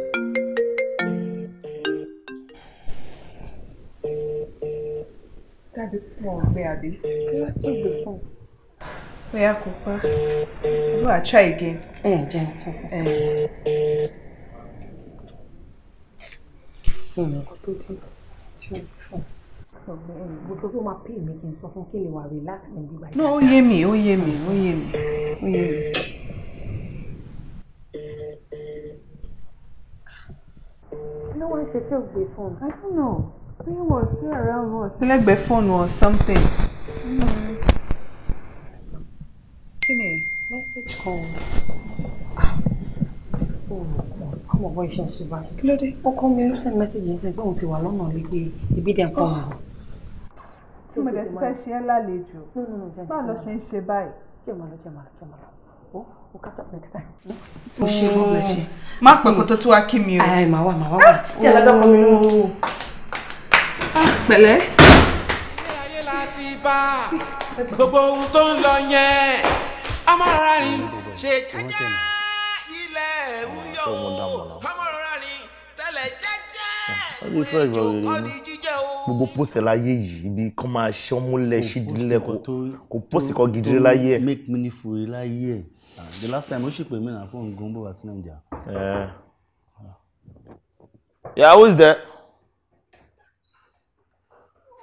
àbí wọn ò gbé àbí kí wọ́n tó gbé fún un. bóyá kò pẹ́ you are try again. ẹ jẹ́ ẹ. ọ̀nà tó dé ṣé o fún un gbogbo tó máa pè mí kí n sọ fún kí lè wà relax ní bíbá yìí. náà ó yé mi ó yé mi ó yé mi ó yé mi. kí ló wá ń ṣe tí ò gbé fún un. I don't know pé wọ́n sí around wọn sí lẹ́gbẹ̀ẹ́ phone or something. kí ni message call. Oh, ah. come iṣẹ́ ṣe bá kí ló dé ó kọ́ mi lọ́sẹ̀ mẹ́sàgì yìí sẹ́yìn pé òun ti wà lọ́nà lé pé ibi dẹ̀ ń pọ̀ mọ́. tí mo dẹ̀ fẹ́ ṣe ẹ́ lálejò hmm, hmm, hmm, báwo ló ṣe ń ṣe báyìí. jẹ́ màá lọ jẹ́ màá lọ oh, catch up next time. Oh, ṣe bọ́ bẹ́ẹ̀ ṣe má pẹ́ kó tó tún wá kí mi o. ayi màá wà màá wà pẹ̀lẹ́. ilé ayé láti bá gbogbo ohun tó ń lọ yẹn amọ̀ra ah, ni ṣe jẹ́jẹ́ ilẹ̀ wúyọ̀ amọ̀ra ni tẹ̀lẹ̀ jẹ́jẹ́ ìwé tó kọ́ni jíjẹ́ o. gbogbo pósẹ̀ láyé yìí bí kò máa ṣe ọmúlẹ̀ ṣídìílẹ̀ kò pósẹ̀ kan gidi láyé ẹ̀. make meaningful láyé ah. the last time ó sì pè mí náà fún ògùn bó wà sí nàìjíríà. yeah who's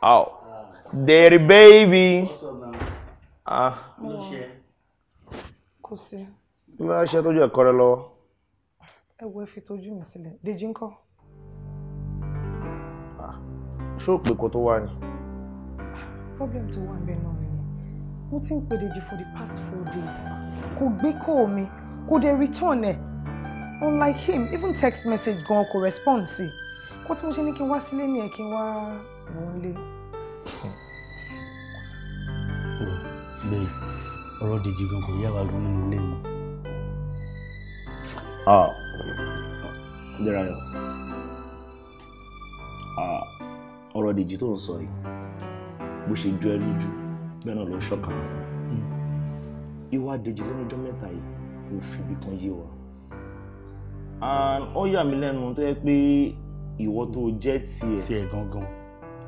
Oh. Ah. Daddy baby. Ah. Kò sí. Bí wọ́n á ṣe tójú ẹ̀kọ́ rẹ lọ. Ẹ wo ẹ fi tójú mi sílẹ̀. Dèjì ń kọ́. Ah. Ṣé o pè tó wá ni? Problem tó wà níbẹ̀ náà nìyẹn. Mo ti ń pè Dèjì for the past four days. Kò gbé kọ́ mi, kò dé return ẹ̀. Unlike him, even text message gan kò respond sí. Kó tí mo ṣe ní kí n wá sílé ni ẹ̀ kí n wá mò ń lé. bẹ́ẹ̀ ọ̀rọ̀ Dèjì gan kò yá wa gan nínú ilé mi. Adéráyọ̀ ah, ah, ọ̀rọ̀ Dèjì tó ń sọ yìí bó ṣe jọ ẹ́ lójú bẹ́ẹ̀ náà ló ń ṣọ̀kan hmm. ìwà Dèjì lẹ́nu ọjọ́ mẹ́ta yìí kò fìbí kan yé wa and ó yà mí lẹ́nu tó yẹ pé ìwọ tó jẹ́ tiẹ̀ tiẹ̀ gangan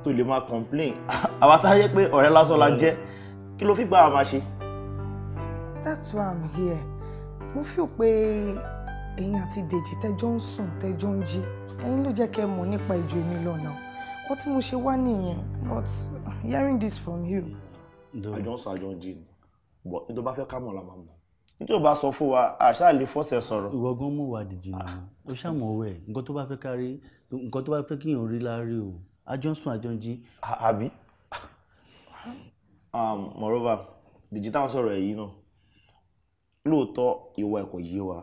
tó lè máa complain *laughs* àwa tá a yẹ pé ọ̀rẹ́ lásán la jẹ́ kí ló fi gbà wá máa ṣe. that's why i'm here mo feel pé ẹ̀yin àti dèjì tẹ́jọ́ ń sùn tẹ́jọ́ ń jí ẹ̀yin ló jẹ́ kẹ́ mọ̀ nípa ìjọ èmi lọ́nà kó tí mo ṣe wá nìyẹn but hearing this from you. àjọ ń sọ àjọ ń jí ni but nítorí bá fẹ́ ká mọ̀ la máa mọ̀ nítorí o bá sọ fún wa àṣà lè fọ́sẹ̀ sọ̀rọ̀. ìwọ gan mú wa dìjì náà o ṣàmọ̀wé nǹkan tó bá fẹ́ kárí nǹkan tó bá fẹ́ kíyàn rí láàárín o àjọsùn àjọjí. àbí um, moreover digital sọ̀rọ̀ yìí náà lóòótọ́ ìwà ẹ̀kọ́ yé wa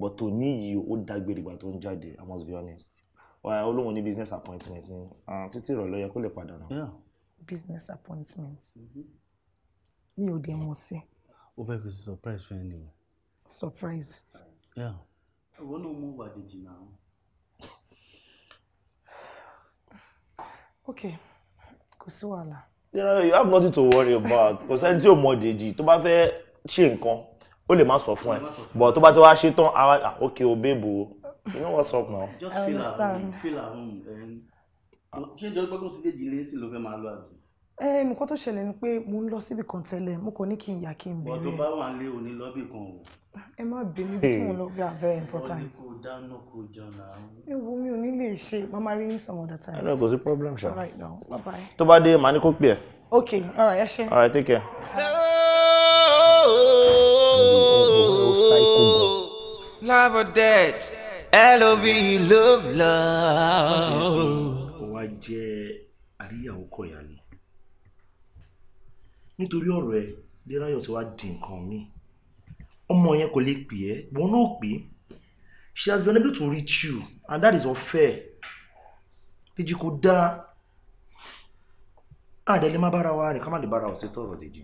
but tó ní yìí ó dágbére ìgbà tó ń jáde I must be honest olóhùn ní business appointment ni títí ìrọ̀lẹ́ yẹ kó lè padà náà. business appointment mi ò dé wọn sí. ó fẹ́ fi surprise fẹ́ ni. surprise. Yeah. ìwọ náà mú wàdìjì náà. okay kò sí wàhálà. you know you have nothing to worry about kò sẹ́ni tí ò mọ dèjì tó bá fẹ́ ṣe nǹkan ó lè má sọ fún ẹ but tó bá ti wá ṣe tán ara ah, okay o babe o you know what's up now. just feel at feel at home ṣé ìjọba gbọ́dọ̀ ti dé ìdílé sí ló fẹ́ máa lọ àbí nǹkan tó ṣẹlẹ̀ ni pé mo ń lọ síbi kan tẹ́lẹ̀ mo kò ní kí n yà kí n bèrè. bọ́dọ̀ bá wà lé òní lọ́bì kan o. ẹ má bèmí bí mo lọ bí are very important. ọ̀nì kò dáná kò jọ̀nà. ẹ wo mi ò ní lè ṣe mama rí ní some other time. ẹ kò sí problem ṣá. all right tó bá dé màá ní kó pè ẹ. ok all ẹ ṣe. all right take care. love or death love love love. kò wá jẹ àríyàwó kọ̀yà nítorí ọ̀rọ̀ ẹ Dérayọ̀ ti wá di nǹkan mi ọmọ yẹn kò lè pè ẹ́ wọn náà pè she has been able to reach you and that is unfair Dèjì kò dáa àdẹ̀lẹ́ má bára wa rìn ká má lè bára ọ̀sẹ̀ tọ̀rọ̀ Dèjì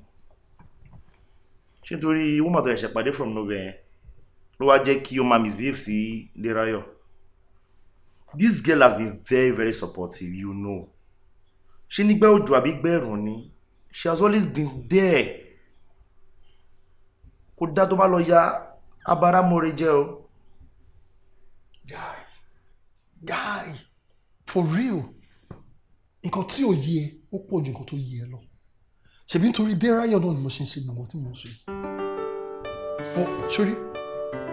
ṣé nítorí wọ́n màtọ́ ẹ̀ṣẹ̀ pàdé from nowhere ló wá jẹ́ kí o máa misbehave sí Dérayọ̀ this girl has been very very supportive you know ṣé nígbà òjò àbí gbẹ̀rùn ni she has always been there kò dá tó bá lọ ya abaramore jẹ o. guy guy for real nǹkan tí ò yé ẹ ó pọ̀ ju nǹkan tó yé ẹ lọ ṣèbí nítorí dẹ́ráyọ̀ náà ni mo ṣe ń ṣe gbọ̀ngàn tí mo ń sọ yìí. but sori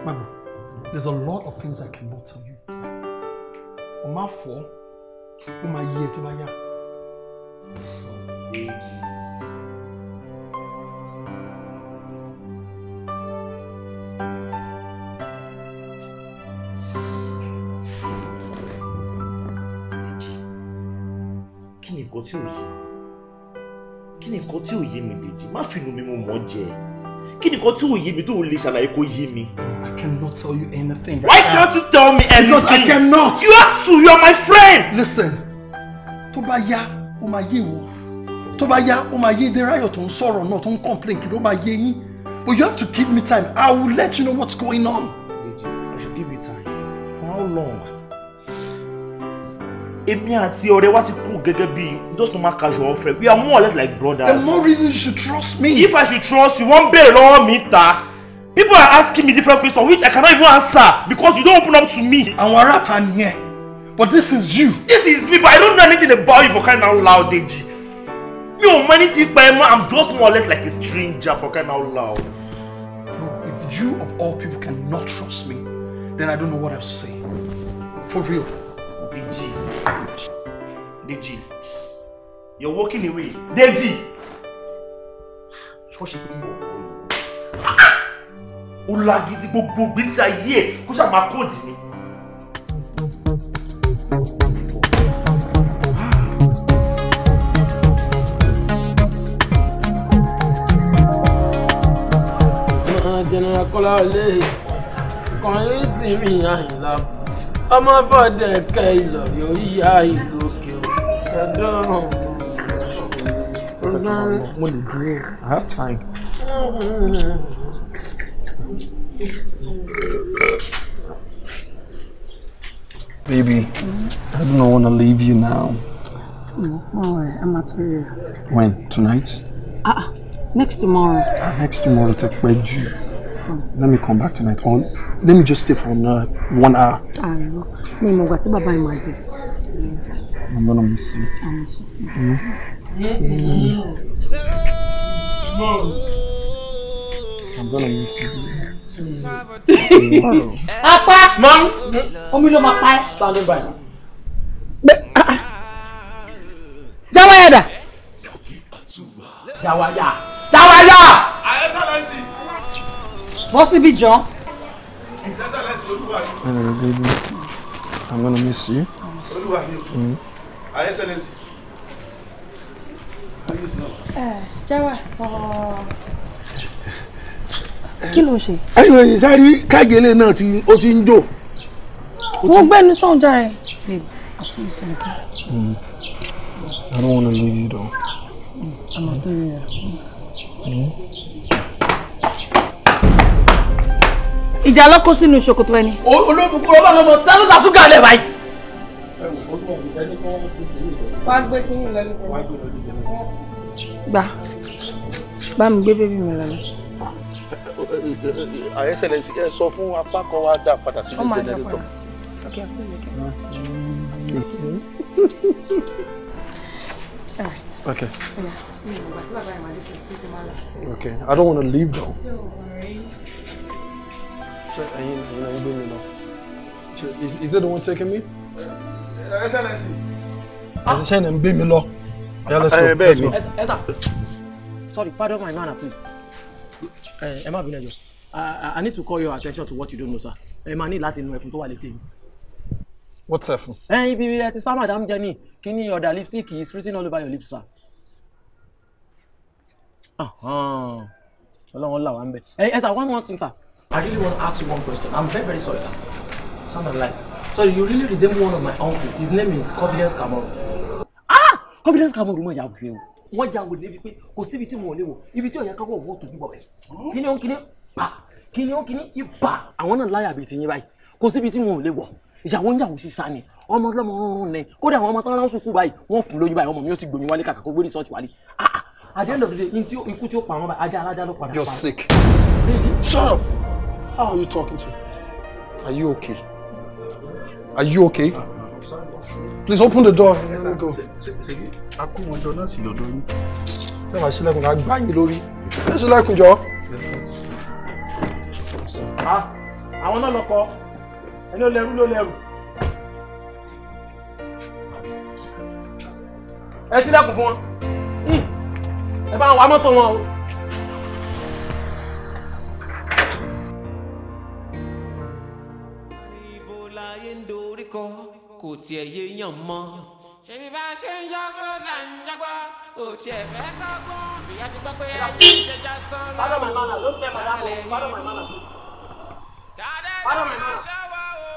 magbo there's a lot of things I cannot tell you. o máa fọ́ ó máa yé tó bá yá. Thank you. yé mi dèjì má finú mi mo mọ̀ jẹ́ kí ni nǹkan tí ò yé mi tó lè ṣàlàyé kó yé mi. I cannot tell you anything right Why now. can't you tell me anything? Because I cannot. You have to, you are my friend. Listen, tó bá yá ó máa yé ìwọ tó bá yá ó máa yé Dérayọ̀ tó ń sọ̀rọ̀ náà tó ń complain kí ló máa yé yín but you have to give me time I will let you know what's going on. Dèjì, I should give you time for how long? èmi àti ọ̀rẹ́ wa ti kú gẹ́gẹ́ bí just normal casual friend we are more or less like brothers. There's more reason you should trust me. if i should trust you wọ́n béèrè lọ́wọ́ mi ta people are asking me different questions which i cannot even answer because you don't open up to me. àwọn ará ta nìyẹn but this is you. this is me but i don't know anything about you for crying out loud deji mi ò mọ ẹni tí pa ẹ mọ i'm just more or less like a stranger for crying out loud. bro if you of all people cannot trust me then i don't know what I'm saying. for real. deji. Deji, you're walking away. Deji! Ṣọ́ọ̀ṣì pé mo ò lágídí gbogbo gbèsè ayé ẹ̀ kó ṣàmà kóòdì ni. General Kọ́láwọlé kan yóò tì mí àyìnlá. ọmọ bọ́dẹ̀ kẹ love you. yá ìlú òkè o ẹ̀dọ́rùn. mo lè dúró I have time. Baby, I do not want to leave you now. No, alright, I'm at here. When? Tonight? Ah, uh, next tomorrow. Ah, next tomorrow, take a wedgie. Mm. Let me come back tonight. On, let me just stay for another one hour. I know. I'm gonna miss you. gonna miss you too. Mm. Mm. I'm gonna miss you. Apa, mom, omi ló máa pa Stand Standing by. Jawaya da. Jawaya. Jawaya. Bọ́ síbí jọ. Hello, baby. I'm gonna miss you. Mm. Jawa, kí ló ń ṣe? Ẹyìn òyìn sáré kágele náà tí ó ti ń jò. Wọ́n gbẹ́nu sọ̀hún járe. I don't wanna leave you though. Àmọ̀ tó yẹ. ìjà lọ́kọ́ sínú ṣòkòtò ẹni. olóògùn kúrò bá tá ló ta ṣúgà báyìí. wá gbé kínní lẹ́nu gbà bá mi gbé bébí mi lọ́nà. àyẹ́sẹ̀lẹ̀ ẹ sọ fún apá kan wá dá padà sí ilé jẹnẹrétọ̀. Okay. *laughs* Okay. I don't want to leave though ṣe ẹ̀yin ẹ̀yin náà ń gbé mi lọ ṣe is that the one taking me. I eh, Excellency. ẹsẹ ṣe ń gbé mi lọ. Eh, bẹ́ẹ̀ ni ẹ sà sorry pardon my manner please eh, ẹ má bínú ẹ I need to call your attention to what you don't know sir Emma, máa ní láti inú ẹfun tó wà létí mi. what's ẹfun. ẹ you ẹ ti sá madam jenny kí ni ọ̀dà lipstick is written all over your lips sir Ah, là wá ń bẹ̀ ẹ ẹ sà one more thing sir I really want to ask you one question. I'm very, very sorry, sir. Sound of light. Sorry, you really resemble one of my uncle. His name is Confidence Cameroon. Ah! Confidence Cameroon mọ̀ yàgò yẹn o. Wọ́n yàgò débi pé kò síbi tí mo lè wò. Ibi tí ọ̀yà káwọ́ wọ́n tójú bọ̀ bẹ́ẹ̀. Kíni ó kíni pa. Kíni ó kíni ibà. Àwọn náà láyà bíi tiyín báyìí. Kò síbi tí mo lè wọ̀. Ìyàwó ń yàwó sísá ni. Ọmọ ọlọ́mọ rúnrún ni. Kódà àwọn ọmọ tán rán sùkúù báyìí. Wọ́n fún lóyún báyìí. Ọmọ mi ó sì gbòmí wálé kàkà kó gbé rìsọ́ọ̀tì wálé. Ah, ah. At the end of the day, ikú tí ó pa àwọn ọmọ ajá alájà ló You're sick. Shut up. How are you talking to? Are you okay? Are you okay? Please open the door. Let me go. Akúwọn jọ náà sì lọ́dọ̀ yín. Ṣé wàá ṣílẹ̀kùn náà gbá yín lórí? Ṣé ṣílẹ̀kùn jọ? I ah, náà lọ kọ́, ẹni ó lẹ́rú ló lẹ́rù. Ẹ ṣílẹ̀kùn fún wọn. Hmm. Ẹ bá wa mọ́tò wọn o. láyé ń doríkọ kò tiẹ̀ yéèyàn mọ́. ṣèbí bá ṣe ń yọ sódà ń yọgbọ́ kò tiẹ̀ fẹ́ kọ́gbọ́n ìyá ti gbọ́ pé ajé ń jẹjà sán lọ́wọ́ lálẹ́ yìí. kàdé ló ń ṣọwọ́ o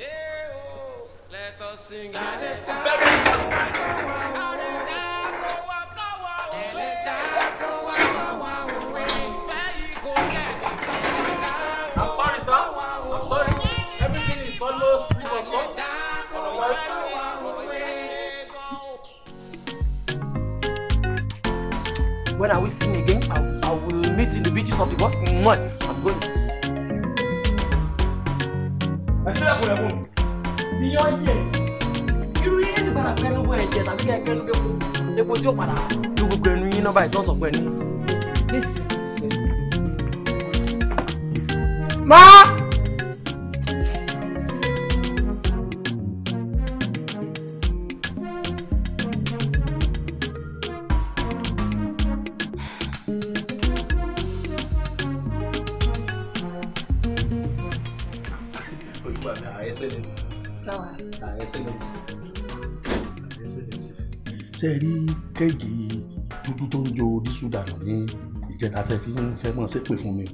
yé o lẹ́tọ̀ sí gàdé kan. When I will sin again, I, I will meet in the beaches of the world. I'm going. Ẹ ṣe ẹ̀kọ́ ẹ̀kọ́ ti yọ yẹ. Irú yẹn ti padà fẹ́ lówó ẹ̀jẹ̀ tàbí kẹ́kẹ́ ló gbẹ́kú. go tí ó padà ló gbogbo ẹnu yín nọ́mbà ìtọ́sọ̀ pẹ̀lú. Ma. ṣe rí kéèkì dúdú tó ń jo dísù dànù ní ìjẹta fẹ́ fi ń fẹ́ mọ̀ ṣépè fún mi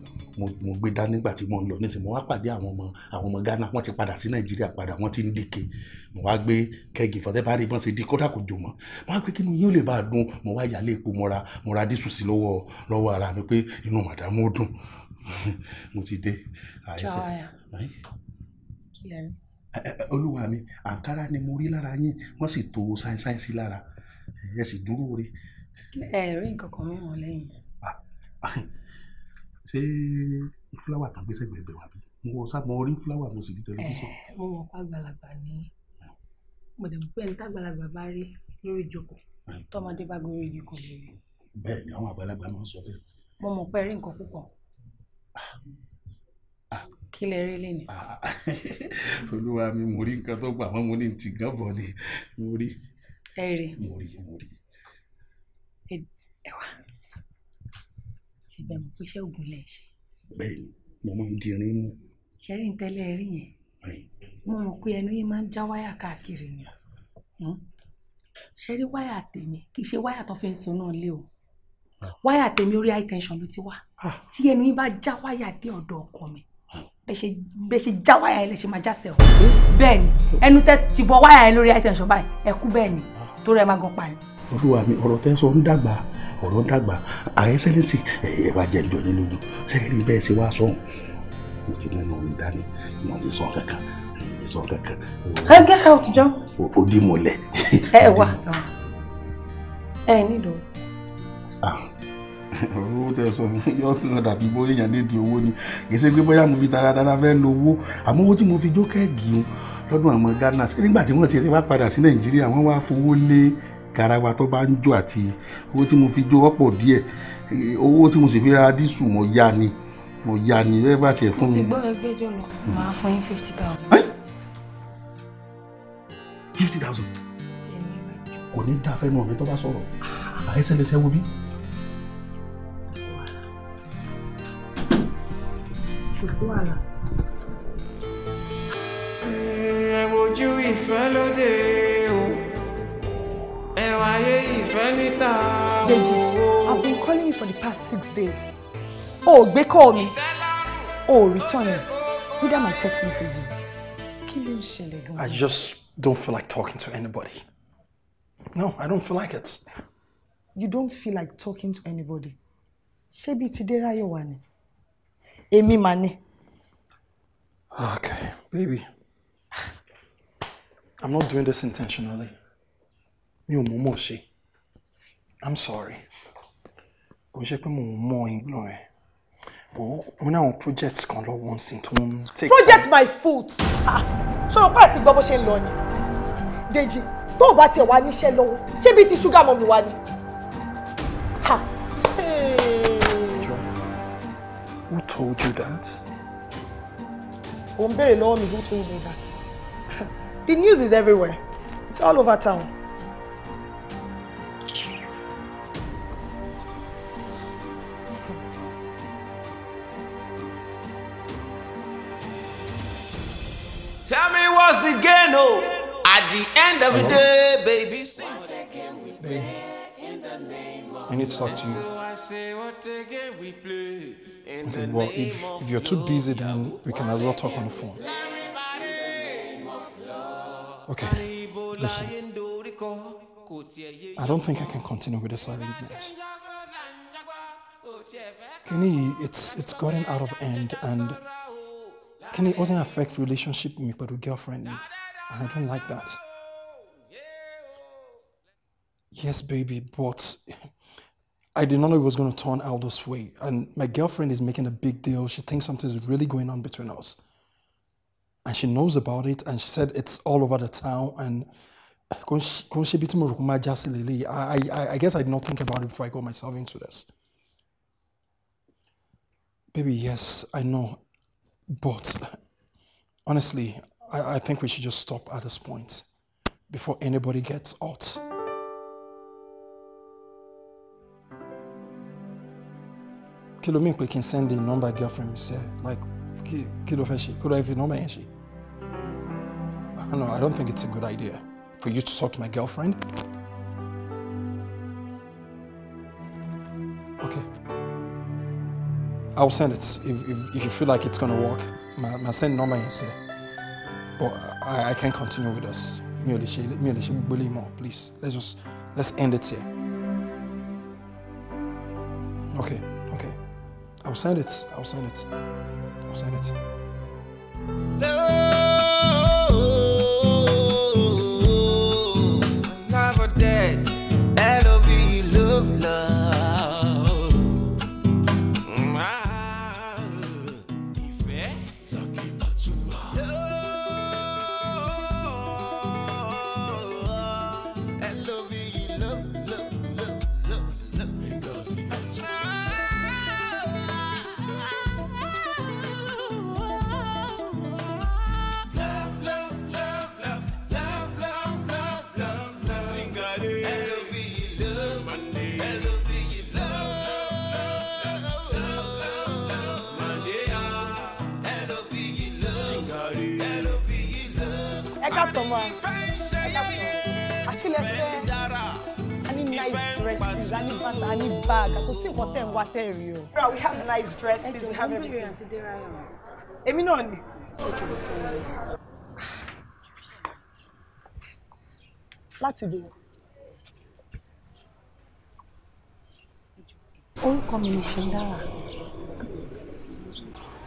mo gbé dání nígbà tí mo ń lọ nísìnyí mo wá pàdé àwọn ọmọ àwọn ọmọ Ghana wọ́n ti padà sí Nàìjíríà padà wọ́n ti ń dìke mo wá gbé kẹ́gì fọtẹ́bárì bọ́n ṣe di kódà kò jò mọ́ mo wá pé kí ni yóò lè bá a dùn mo wá yàlé epo mo ra mo sí lọ́wọ́ lọ́wọ́ ara mi pé inú màdàmú dùn *laughs* mo ti dé. jọ olúwa mi àǹkárá ni mo rí lára yín wọ́n sì tó sáínsáín lára ẹ sì dúró re. ẹ rí nǹkan kan mìíràn lẹ́yìn. ṣé fúláwà kan gbé sẹ́gbẹ̀ẹ́gbẹ̀ wá bí mo sábà rí fúláwà mo sì rí tẹlifíṣàn. mo mọ̀ pa àgbàlagbà ni mo dẹ̀ pé ní tàgbàlagbà bá rí lórí ìjókòó tọmọdé bá gorí igi kò lè rí. bẹ́ẹ̀ ni àwọn àgbàlagbà máa ń sọ bẹ́ẹ̀. mo mọ̀ pé rí nǹkan púpọ̀ kí lè rí lè ní. *laughs* olúwa mi mo rí nǹkan tó gbà mọ́ mo ní ti gán bọ̀ ni mo rí ẹ rí mo rí mo rí. ẹ wá síbẹ̀ mo pé iṣẹ́ ògùn lẹ̀ ṣe. bẹ́ẹ̀ni mo máa ń di irin mú. ṣẹ́rí ń tẹ́lẹ̀ rí yẹn mo rò pé ẹnu yìí máa ń já wáyà káàkiri ni hmm? ṣẹ́rí wáyà tèmi kì í ṣe wáyà tó fi ń sun náà lé o ah. wáyà tèmi orí high tension ló ti wá ah. tí ẹnu yìí bá já wáyà dé ọ̀dọ̀ ọkọ mi bẹ ṣe já wáyà yẹn lè ṣe máa jáse o bẹ́ẹ̀ ni ẹnu tẹ ti bọ wáyà yẹn lórí àìtẹ̀sán báyìí ẹ kú bẹ́ẹ̀ ni tó rẹ máa gan pa ni. olúwa mi ọ̀rọ̀ tẹ́ sọ ń dàgbà ọ̀rọ̀ ń dàgbà àyẹ́sẹ́lẹ́sì ẹ̀ bá jẹ́ ìjọ yín lójú sẹ́yìn bẹ́ẹ̀ ṣe wá sọ̀hún mo ti mẹ́nu òní dání mo ní sọ kankan ní sọ kankan. ẹ gẹ́ ká òtújọ́. ó dì mọ́lẹ̀. ẹ wà ẹ nílò owó tẹ sọ yóò tún lọ dàbí bóyá èèyàn lè di owó ni kì ṣe pé bóyá mo fi taratara fẹ́ lo àmọ́ owó tí mo fi jó o lọ́dún àwọn Ghana nígbà tí wọ́n ti wá padà sí Nàìjíríà wọ́n wá fowó lé garawa tó bá ń jó àti owó tí mo fi jó ọ̀pọ̀ díẹ̀ owó tí mo sì fi ra dísù mo yá ni mo yá ni bẹ́ẹ̀ bá tiẹ̀ fún mi. mo ti gbọ́ ẹgbẹ́jọ́ lọ máa hmm. fún yín fifty thousand. fifty thousand kò ní dáa fẹ́ mọ̀ mi bá sọ̀rọ̀ àìsẹ̀lẹsẹ̀ wo bí. kò sí wàhálà. ẹ wojú ìfẹ́ lóde o ẹ wáyé ìfẹ́ níta o. Deji, I've been calling you for the past six days. o ò gbé call me. o ò return mi neither my text messages. kí ló ń ṣẹlẹ̀ gan I just don't feel like talking to anybody. No, I don't feel like it. You don't feel like talking to anybody. Ṣebí ti Derayo wà ni èmi mà ni. okay baby i'm not doing this intentionally mi ò mọ̀ mọ̀ ṣe i'm sorry kò ṣe pé mo mọ̀ ìgbọ̀n ẹ̀ bò ó ní àwọn projects kan lọ́wọ́ nsìn tó ń take. project my foot ah, ṣòro pé àti gbọ́ bó ṣe ń lọ ni Dèjì tó o bá tiẹ̀ wá níṣẹ́ lọ́wọ́ ṣé bíi ti ṣúgà mọ́mi wá ni. Ha. Who told you that? Ó ń who told me that? *laughs* The news is everywhere. It's all over town. *laughs* Tell me what's the game, oh, at the end of Hello? the day, baby, sing. Baby. I need to talk to you. Okay, well, if, if you're too busy, then we can as well talk on the phone. Okay, listen. I don't think I can continue with this arrangement. Kenny, it's it's gotten out of hand and Kenny only affect relationship with me but with girlfriend me, and I don't like that. Yes, baby, but I did not know it was going to turn out this way. And my girlfriend is making a big deal. She thinks something's really going on between us. And she knows about it. And she said it's all over the town. And I, I, I guess I did not think about it before I got myself into this. Baby, yes, I know. But honestly, I, I think we should just stop at this point before anybody gets out. kí ló pé send the number girlfriend Say like kí kí fẹ́ ṣe kí ló number yẹn No, I don't think it's a good idea for you to talk to my girlfriend. Okay. I'll send it if, if, if you feel like it's gonna work. My, my send number is here. But I, I can't continue with this. Please, let's just, let's end it here. Okay. I'll send it. I'll send it. I'll send it. Love. ma akílẹ̀ nice dresses I need bàtà I ní bag kò sí nǹkan tẹ̀ ń wá tẹ̀ rí we have nice dresses we have everything. èmi náà ni. láti bẹ̀rẹ̀. orúkọ mi ni ṣindára.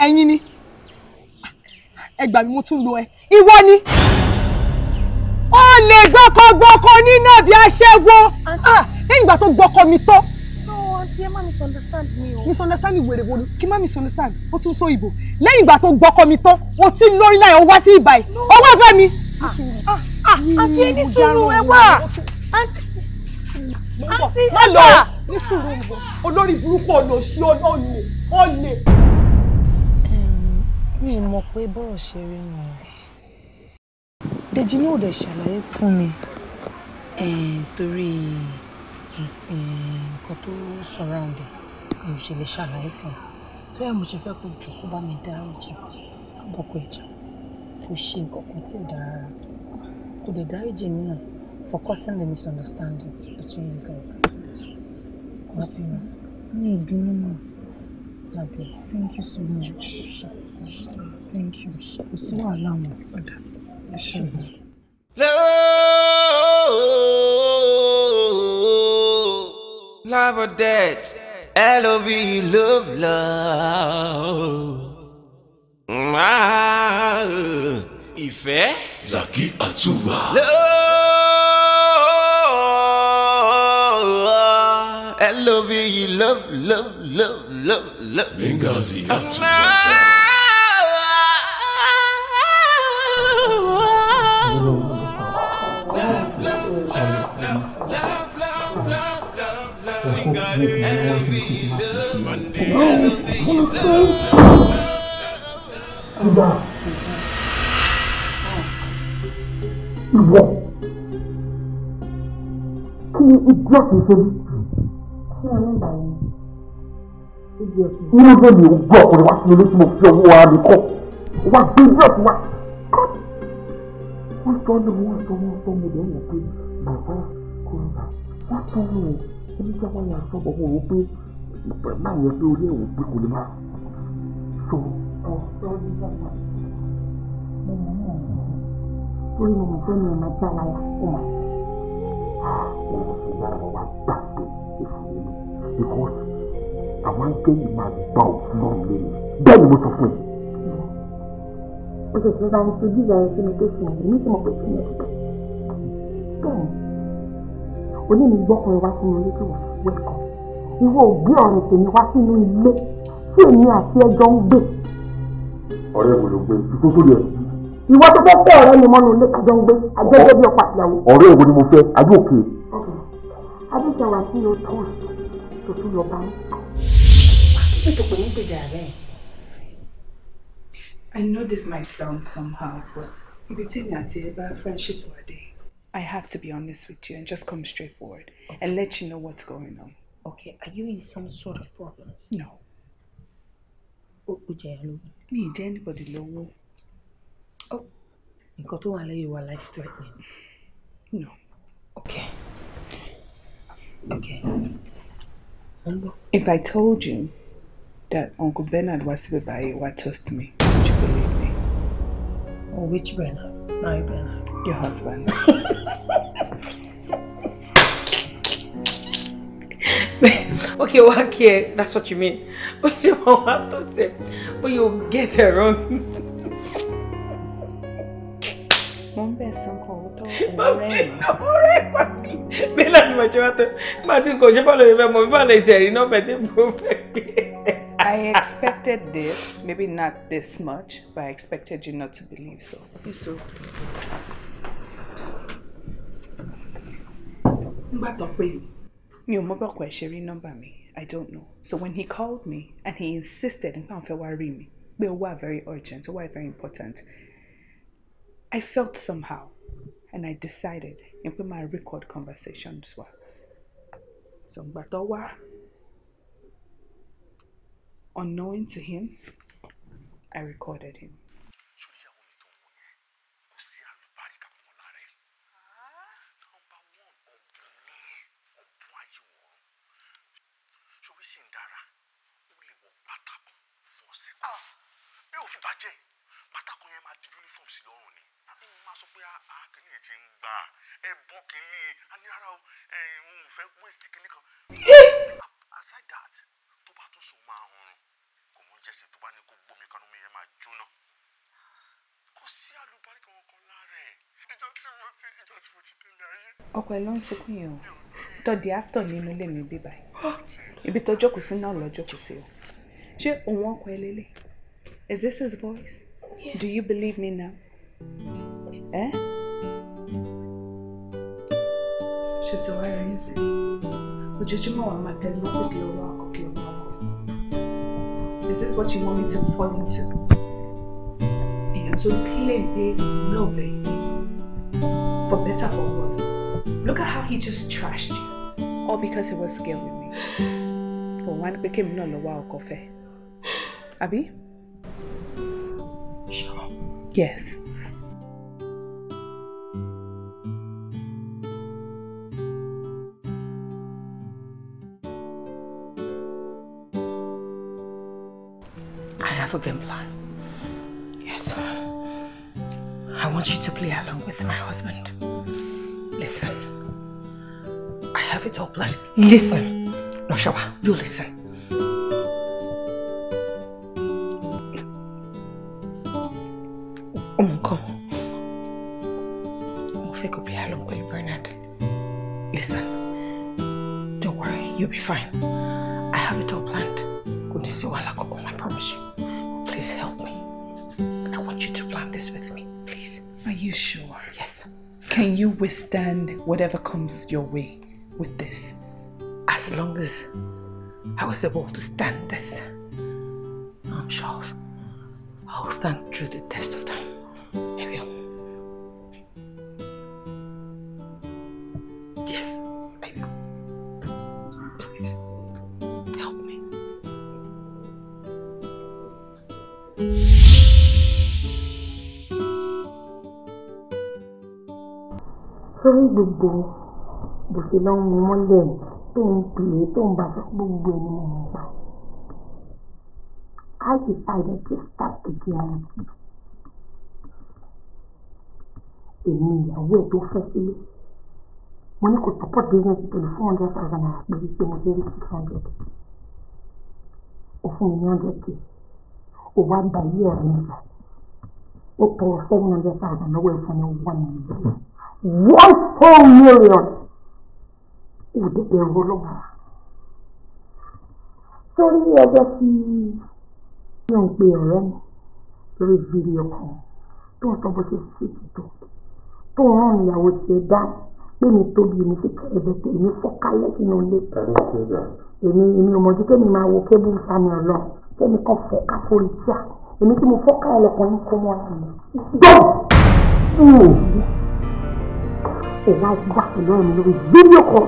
ẹ̀yin ni ẹ gbà mí mo tún lo ẹ ìwọ ni gbọ́kọ gbọ́kọ nínú bí aṣẹ́wó lẹ́yìn ah, ìgbà tó gbọ́kọ mi tọ́. ṣé má misunderstand mi o. misunderstand wèrè wo ni kí má misunderstand ó tún sọ ìbò lẹ́yìn ìgbà tó gbọ́kọ mi tọ́ o ti lórí láyọ̀ ó wá sí ìbà yìí ó wá fẹ́ mi. àǹtí ah, ah, ẹni sùúrù ẹ wà àǹtí ẹ wà ní sùúrù ìbò olórí burúkú ọ̀nà òṣì ọ̀nà òlè. mi ò mọ̀ pé bọ́rọ̀ ṣe rí wọn. Dèjì ní òde ṣàlàyé fún mi. Torí nǹkan tó surround ẹ̀ mi ò ṣe lè ṣàlàyé fún un. Torí ẹ̀ mo ṣe fẹ́ kó jù kó bá mi dáríjì àbọ̀kọ̀ ẹ̀jẹ̀ kó ṣe nǹkan kan tí ò dára rárá. Kò lè dáríjì mí náà for causing the misunderstanding between you guys. Kò sí ní ìdùnnú náà. Thank you so much. Thank you. Kò sí wàhálà wọn. inşallah. Love, love or death, L-O-V, love, love. If ah. ìfẹ́. Zaki Atua. Love, L-O-V, love, love, love, love, love. Benghazi Atua. Ah. ìgbà ìwọ kí ni ìdí ọ̀sẹ̀ ṣe rí. Irú bẹ́ẹ̀ ni ó gbọ́ ọkùnrin wá sí ilé tí mo fi ọwọ́ ara mi kọ́. Wá gbé ìdí ọ̀sẹ̀ wá. Wọ́n sọ ọ́ ní wọ́n sọ wọ́n sọ mo lọ́wọ́ pé bàbá kò ń bà. Wọ́n sọ ọ́ ní wọ́n jẹ́ wọ́n yà sọ ọ̀pọ̀ wò pé máa yẹ pé orí ẹ̀wò pé kò lè máa sọ ọ̀sọ́ nígbà náà. torí mo mọ̀ fẹ́ mi ọmọ bá wa fún wa. wọ́n mọ̀ sí lára wa gbà pé èsì nínú because àwọn akéyìn máa gbà òfin náà lẹ́yìn bẹ́ẹ̀ ni mo sọ fún ẹ. o sì tún bá ń ṣe jíjà ẹ sínú tó sùn èmi tí mo pè sí ní ẹ̀dùn bẹ́ẹ̀ ni onímọ̀ gbọ́kùnrin wá sínú ilé tó wà ìwé kan ìwọ ò ọ̀rẹ́ tèmi wá sínú ilé tí èmi àti ẹjọ́ ń gbé. ọ̀rẹ́ wo ló gbé ikú tó yẹ. ìwọ tó fẹ́ fẹ́ ọ̀rẹ́ mi mọ́nu ilé kájọ ń gbé ajẹ́jẹ́ bí ọkọ àtìyàwó. ọ̀rẹ́ wo ni mo fẹ́ adé òkè. adéṣe wà sí o tó tún lọ bá mi. nítorí pé nígbèjà rẹ̀ I know this might sound somehow but ibi tí èmi àti ẹ bá friendship wà dé. I have to be honest with you and just come straight forward okay. and let you know what's going on. Okay, are you in some sort of problems? No. Me jẹ́ anybody lówó. Oh, nǹkan tó wà you wa life threatening. No. Okay. Okay. If I told you that Uncle Bernard was by wa tossed me, would you believe me? Oh, which Bernard? Now you better. Your husband. *laughs* okay, well, okay, that's what you mean. *laughs* But you won't have to say, but you'll get it wrong. Mom, best uncle. I expected this, maybe not this much, but I expected you not to believe so. so. nígbà tó pè mí. mi ò mọ I don't know. So when he called me and he insisted nípa àwọn fẹ́ me, rí mi very urgent ó wà very important I felt somehow and I decided and put my record conversations were. So Mbatowa, unknowing to him, I recorded him. ti ń gbà ẹ bọ́ kínní anírara o ẹ ń fẹ́ waste kínní kan. aside that tó bá tún sùn máa hàn kò mú jẹ́sí tó bá ní kó gbómi kanú mi yẹn máa jóná kò sí àlùbáríkà kankan lára ẹ̀ ìjọ tí mo ti ìjọ tí mo ti délé ayé. ọkọ ẹ ló ń sunkún yẹn o tọ́dí actor nínú ilé mi bí báyìí ibi tó jókòó sí náà lọ jókòó sí o ṣé òun ọkọ ẹ lélẹ̀ is this his voice yes. do you believe me now? Yes. Eh? is this what you want me to fall into èèyàn tó claim love for better for worse look at how he just trashed you all because he was scared with me for one pé kémi náà lọ wá ọkọ fẹ́ àbí. Sure. Yes. wonderful game plan. Yes. I want you to play along with my husband. Listen. I have it all planned. Listen. No, Shawa, you listen. Um, listen, don't worry, you'll be fine. withstand whatever comes your way with this. As long as I was able to stand this, I'm sure I'll stand through the test of Long ń mú mọ́lẹ̀ tó ń pè é I decided to start the guarantee. Èmi ìyàwó ẹ̀ tó fẹ́ sílé. Mo ní kò support business pẹ̀lú four hundred thousand naira pé wípé mo fẹ́ rí six hundred. Ó fún mi ní hundred k. Ó wá gba seven hundred away from one million. One whole million. òdìdẹ ọlọ́run torí ẹjọ́ tí mi ò pe ọ̀rẹ́ mi lórí fídíò kan tó ń sọ bó ṣe ṣe tìtò tó ń rán ìyàwó tiẹ̀ dá pé mi tóbi mi sì kẹ́ ẹ̀bẹ̀ pé mi fọ́kálẹ̀ sínú ilé èmi èmi ò mọ̀jú kémi máa wo kébù sami ọ̀lọ́ kémi kan fọ́ká forí tíà èmi tí mo fọ́ká ẹlẹ́kùnrin kó mọ́ ara mi. gbọ́n mi ò wá gbà pẹ̀lú ẹ̀mí lórí fídíò kan.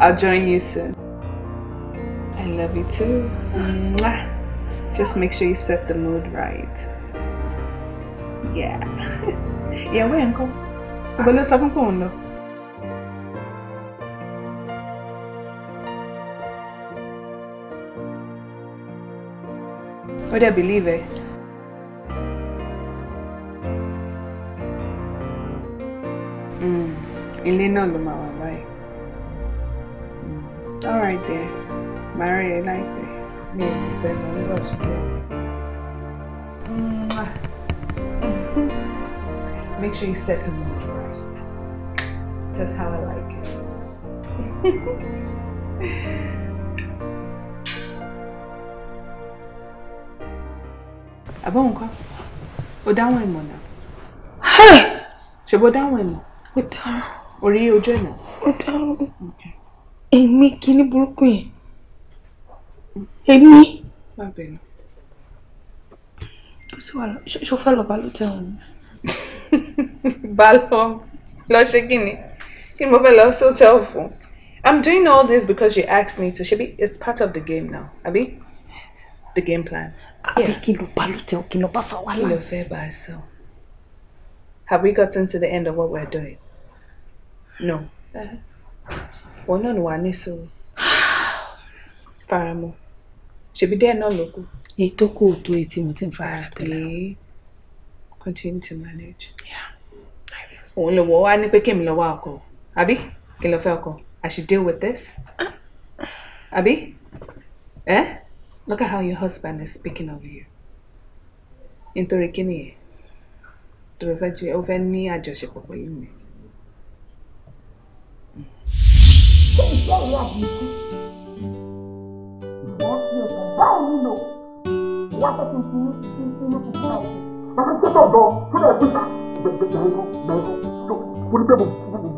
I'll join you soon. I love you too. Mwah. Just make sure you set the mood right. Yeah. *laughs* yeah, we ain't going. But let's have a What I believe Hmm. Mm. Ilé all right dear. Marry I like it. Mm, uh, *laughs* make sure you set the mood right. Just how I like it. *laughs* Abọ́ nǹkan, o dáwọn ìmọ̀ náà. Ṣèbó dáwọn ìmọ̀. O dáhùn. Orí ojú ẹ̀ náà. O dáhùn. Okay. èmi kíní burúkú yẹn èmi. má bẹ̀rù. kò sí wàhálà ṣó fẹ́ lọ bá ló tẹ̀ wọ́n. bá lọ lọ ṣe kí ni kí ni mo fẹ́ lọ sótẹ́l fún. I'm doing all this because you asked me to ṣebí it's part of the game now Abi. the game plan. àbí kí ló bá ló tẹ̀ wọ́n kí ló bá fa wàhálà. kí ló fẹ́ bá a Have we gotten to the end of what we're doing? No. Uh -huh wọn náà ni wà ní sùúrù faramọ́ ṣèbí díẹ̀ náà ló kù. èyí tó kù tó etí mo ti ń fara tẹ́lẹ̀. continue to manage. òun ló wọ wá ní pé kémi lọ wá ọkọ àbí kí n lọ fẹ́ ọkọ I should deal with this àbí eh? look at how your husband is speaking of you nítorí kí nìyẹn tó fẹ́ jẹ́ ó fẹ́ ní àjọṣepọ̀ pẹ̀lú mi. ṣé ìfẹ́ ìlú àbùkù ìfẹ́ ti ẹ̀sán báwo nílò wọ́n fẹ́ kí n fi inú kúkú náà ṣe. wọ́n fẹ́ tẹ́tọ̀ gan tó lè gbé ta gbẹgbẹgbẹ̀rún gbẹ̀rún mo ní bẹ́ẹ̀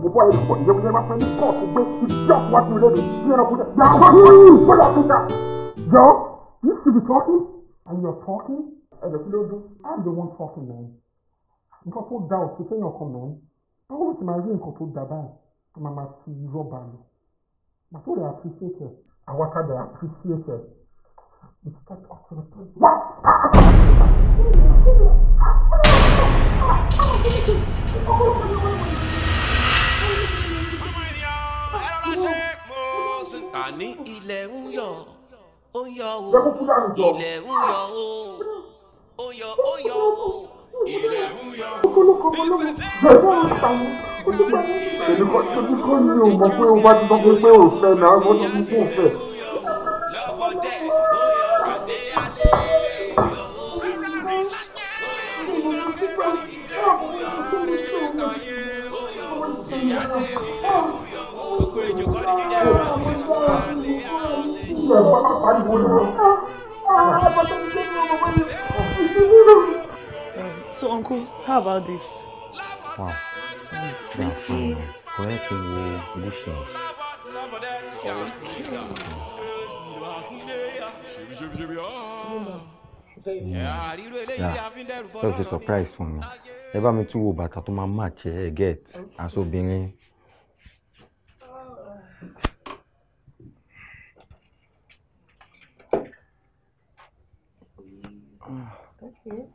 mo bọ́ ayé pọ̀ ìyẹn bóyá máa fẹ́ ní kóòtù gbé ìdí àpò wájú ilé mi ní ẹ̀rọ kúta yàrá kúta kúta. yọ you should be talking and you're talking ẹ̀rọ kí ló i'm the one talking man nǹkan tó da òfin kéèyàn kan mọ̀ ọ́n àwọn ọmọ ti máa rí nǹkan tó da báyìí a máa ma fi But what they appreciate it, and what they appreciate it, is kept up to ilẹ̀ ń yọ̀, ó yọ̀ o, ilẹ̀ ń yọ̀ o, ó yọ̀ ó yọ̀ o èmi kọ́ tóbi kọ́ ni o So, Uncle, how about this? Wow. Pretty. Correct me, Yeah, that was ṣe surprise fún mi. Ẹ bá mi tún wo bàtà tó máa match ẹ get aṣọ obìnrin. Thank you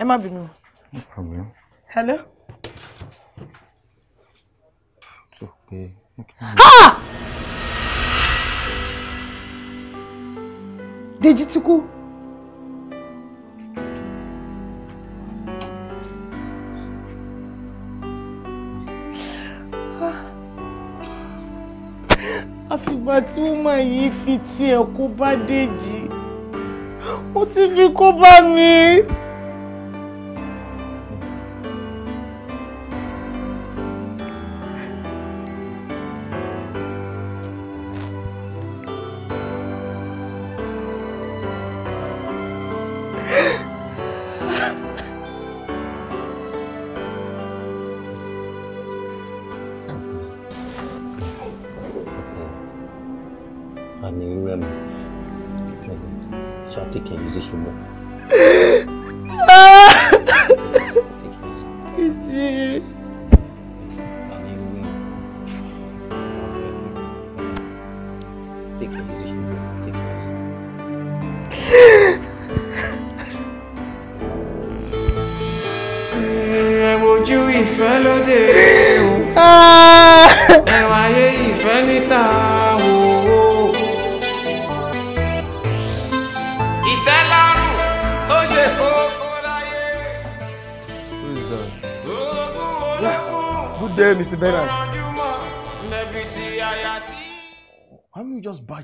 ẹ má bínú. hello. tó pé. Deji ti kú. ìgbà tí woman yìí fi tiẹ̀ kó bá Déjì ó ti fi kó bá mi. а не именно шатики из-за химии.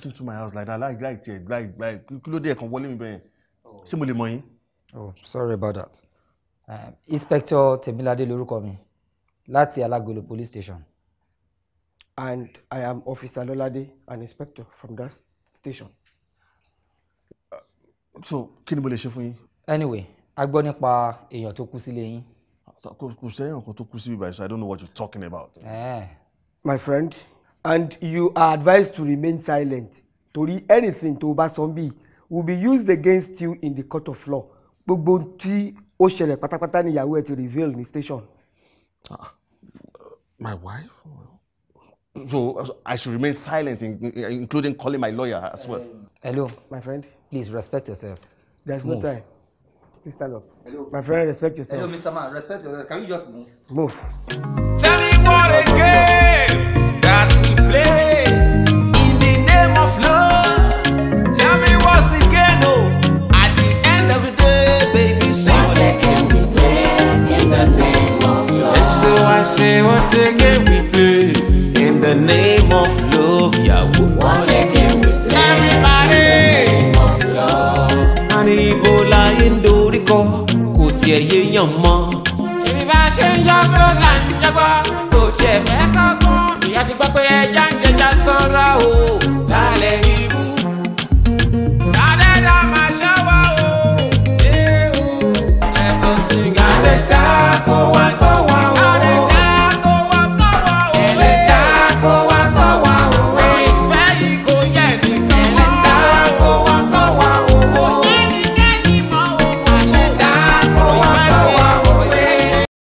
back into my house like that like like tiẹ̀ like like kí ló dé ẹ̀kan wọlé mi bẹ́ẹ̀ oh. ṣé mo lè mọ yín. oh sorry about that um, inspector Temilade lorúkọ mi láti Alágolo police station. and I am officer Lọ́ládé an inspector from that station. Uh, so kí ni mo lè ṣe fún yín. anyway a gbọ́ nípa èèyàn tó kú sílé yín. kò sẹ́yìn kan tó kú síbi báyìí so I don't know what you're talking about. Eh. my friend and you are advised to remain silent torí anything tó o bá sọ bíi will be used against you in the court of law gbogbo tí ó ṣẹlẹ̀ pátápátá ni ìyàwó ẹ ti reveal ní station. Ah, my wife so, so I should remain silent in, in, including calling my lawyer as well. Hello my friend. Please respect yourself. There is no time. Please stand up. Hello. My friend, respect yourself. Hello, Mr. Man, respect yourself. Can you just move? Move. Tell me what again. say what a game we play in the name of love, Yeah, What a game we play. Everybody. In the name of love. Ani Ibola Indoriko kò tiẹ̀ yéèyàn mọ́. Ṣèbí bá ṣe ń yọ sọ́là ń jágbọ́, kò tiẹ̀ fẹ́ kọ́gbọ́n. Ìyá ti gbọ́ pé ẹja ń jẹja sọ́ra o. Lálẹ́ ibú. Kádẹ́dá máa ṣọ́wọ́ o. Ẹ̀rù ẹ̀bùn sìgá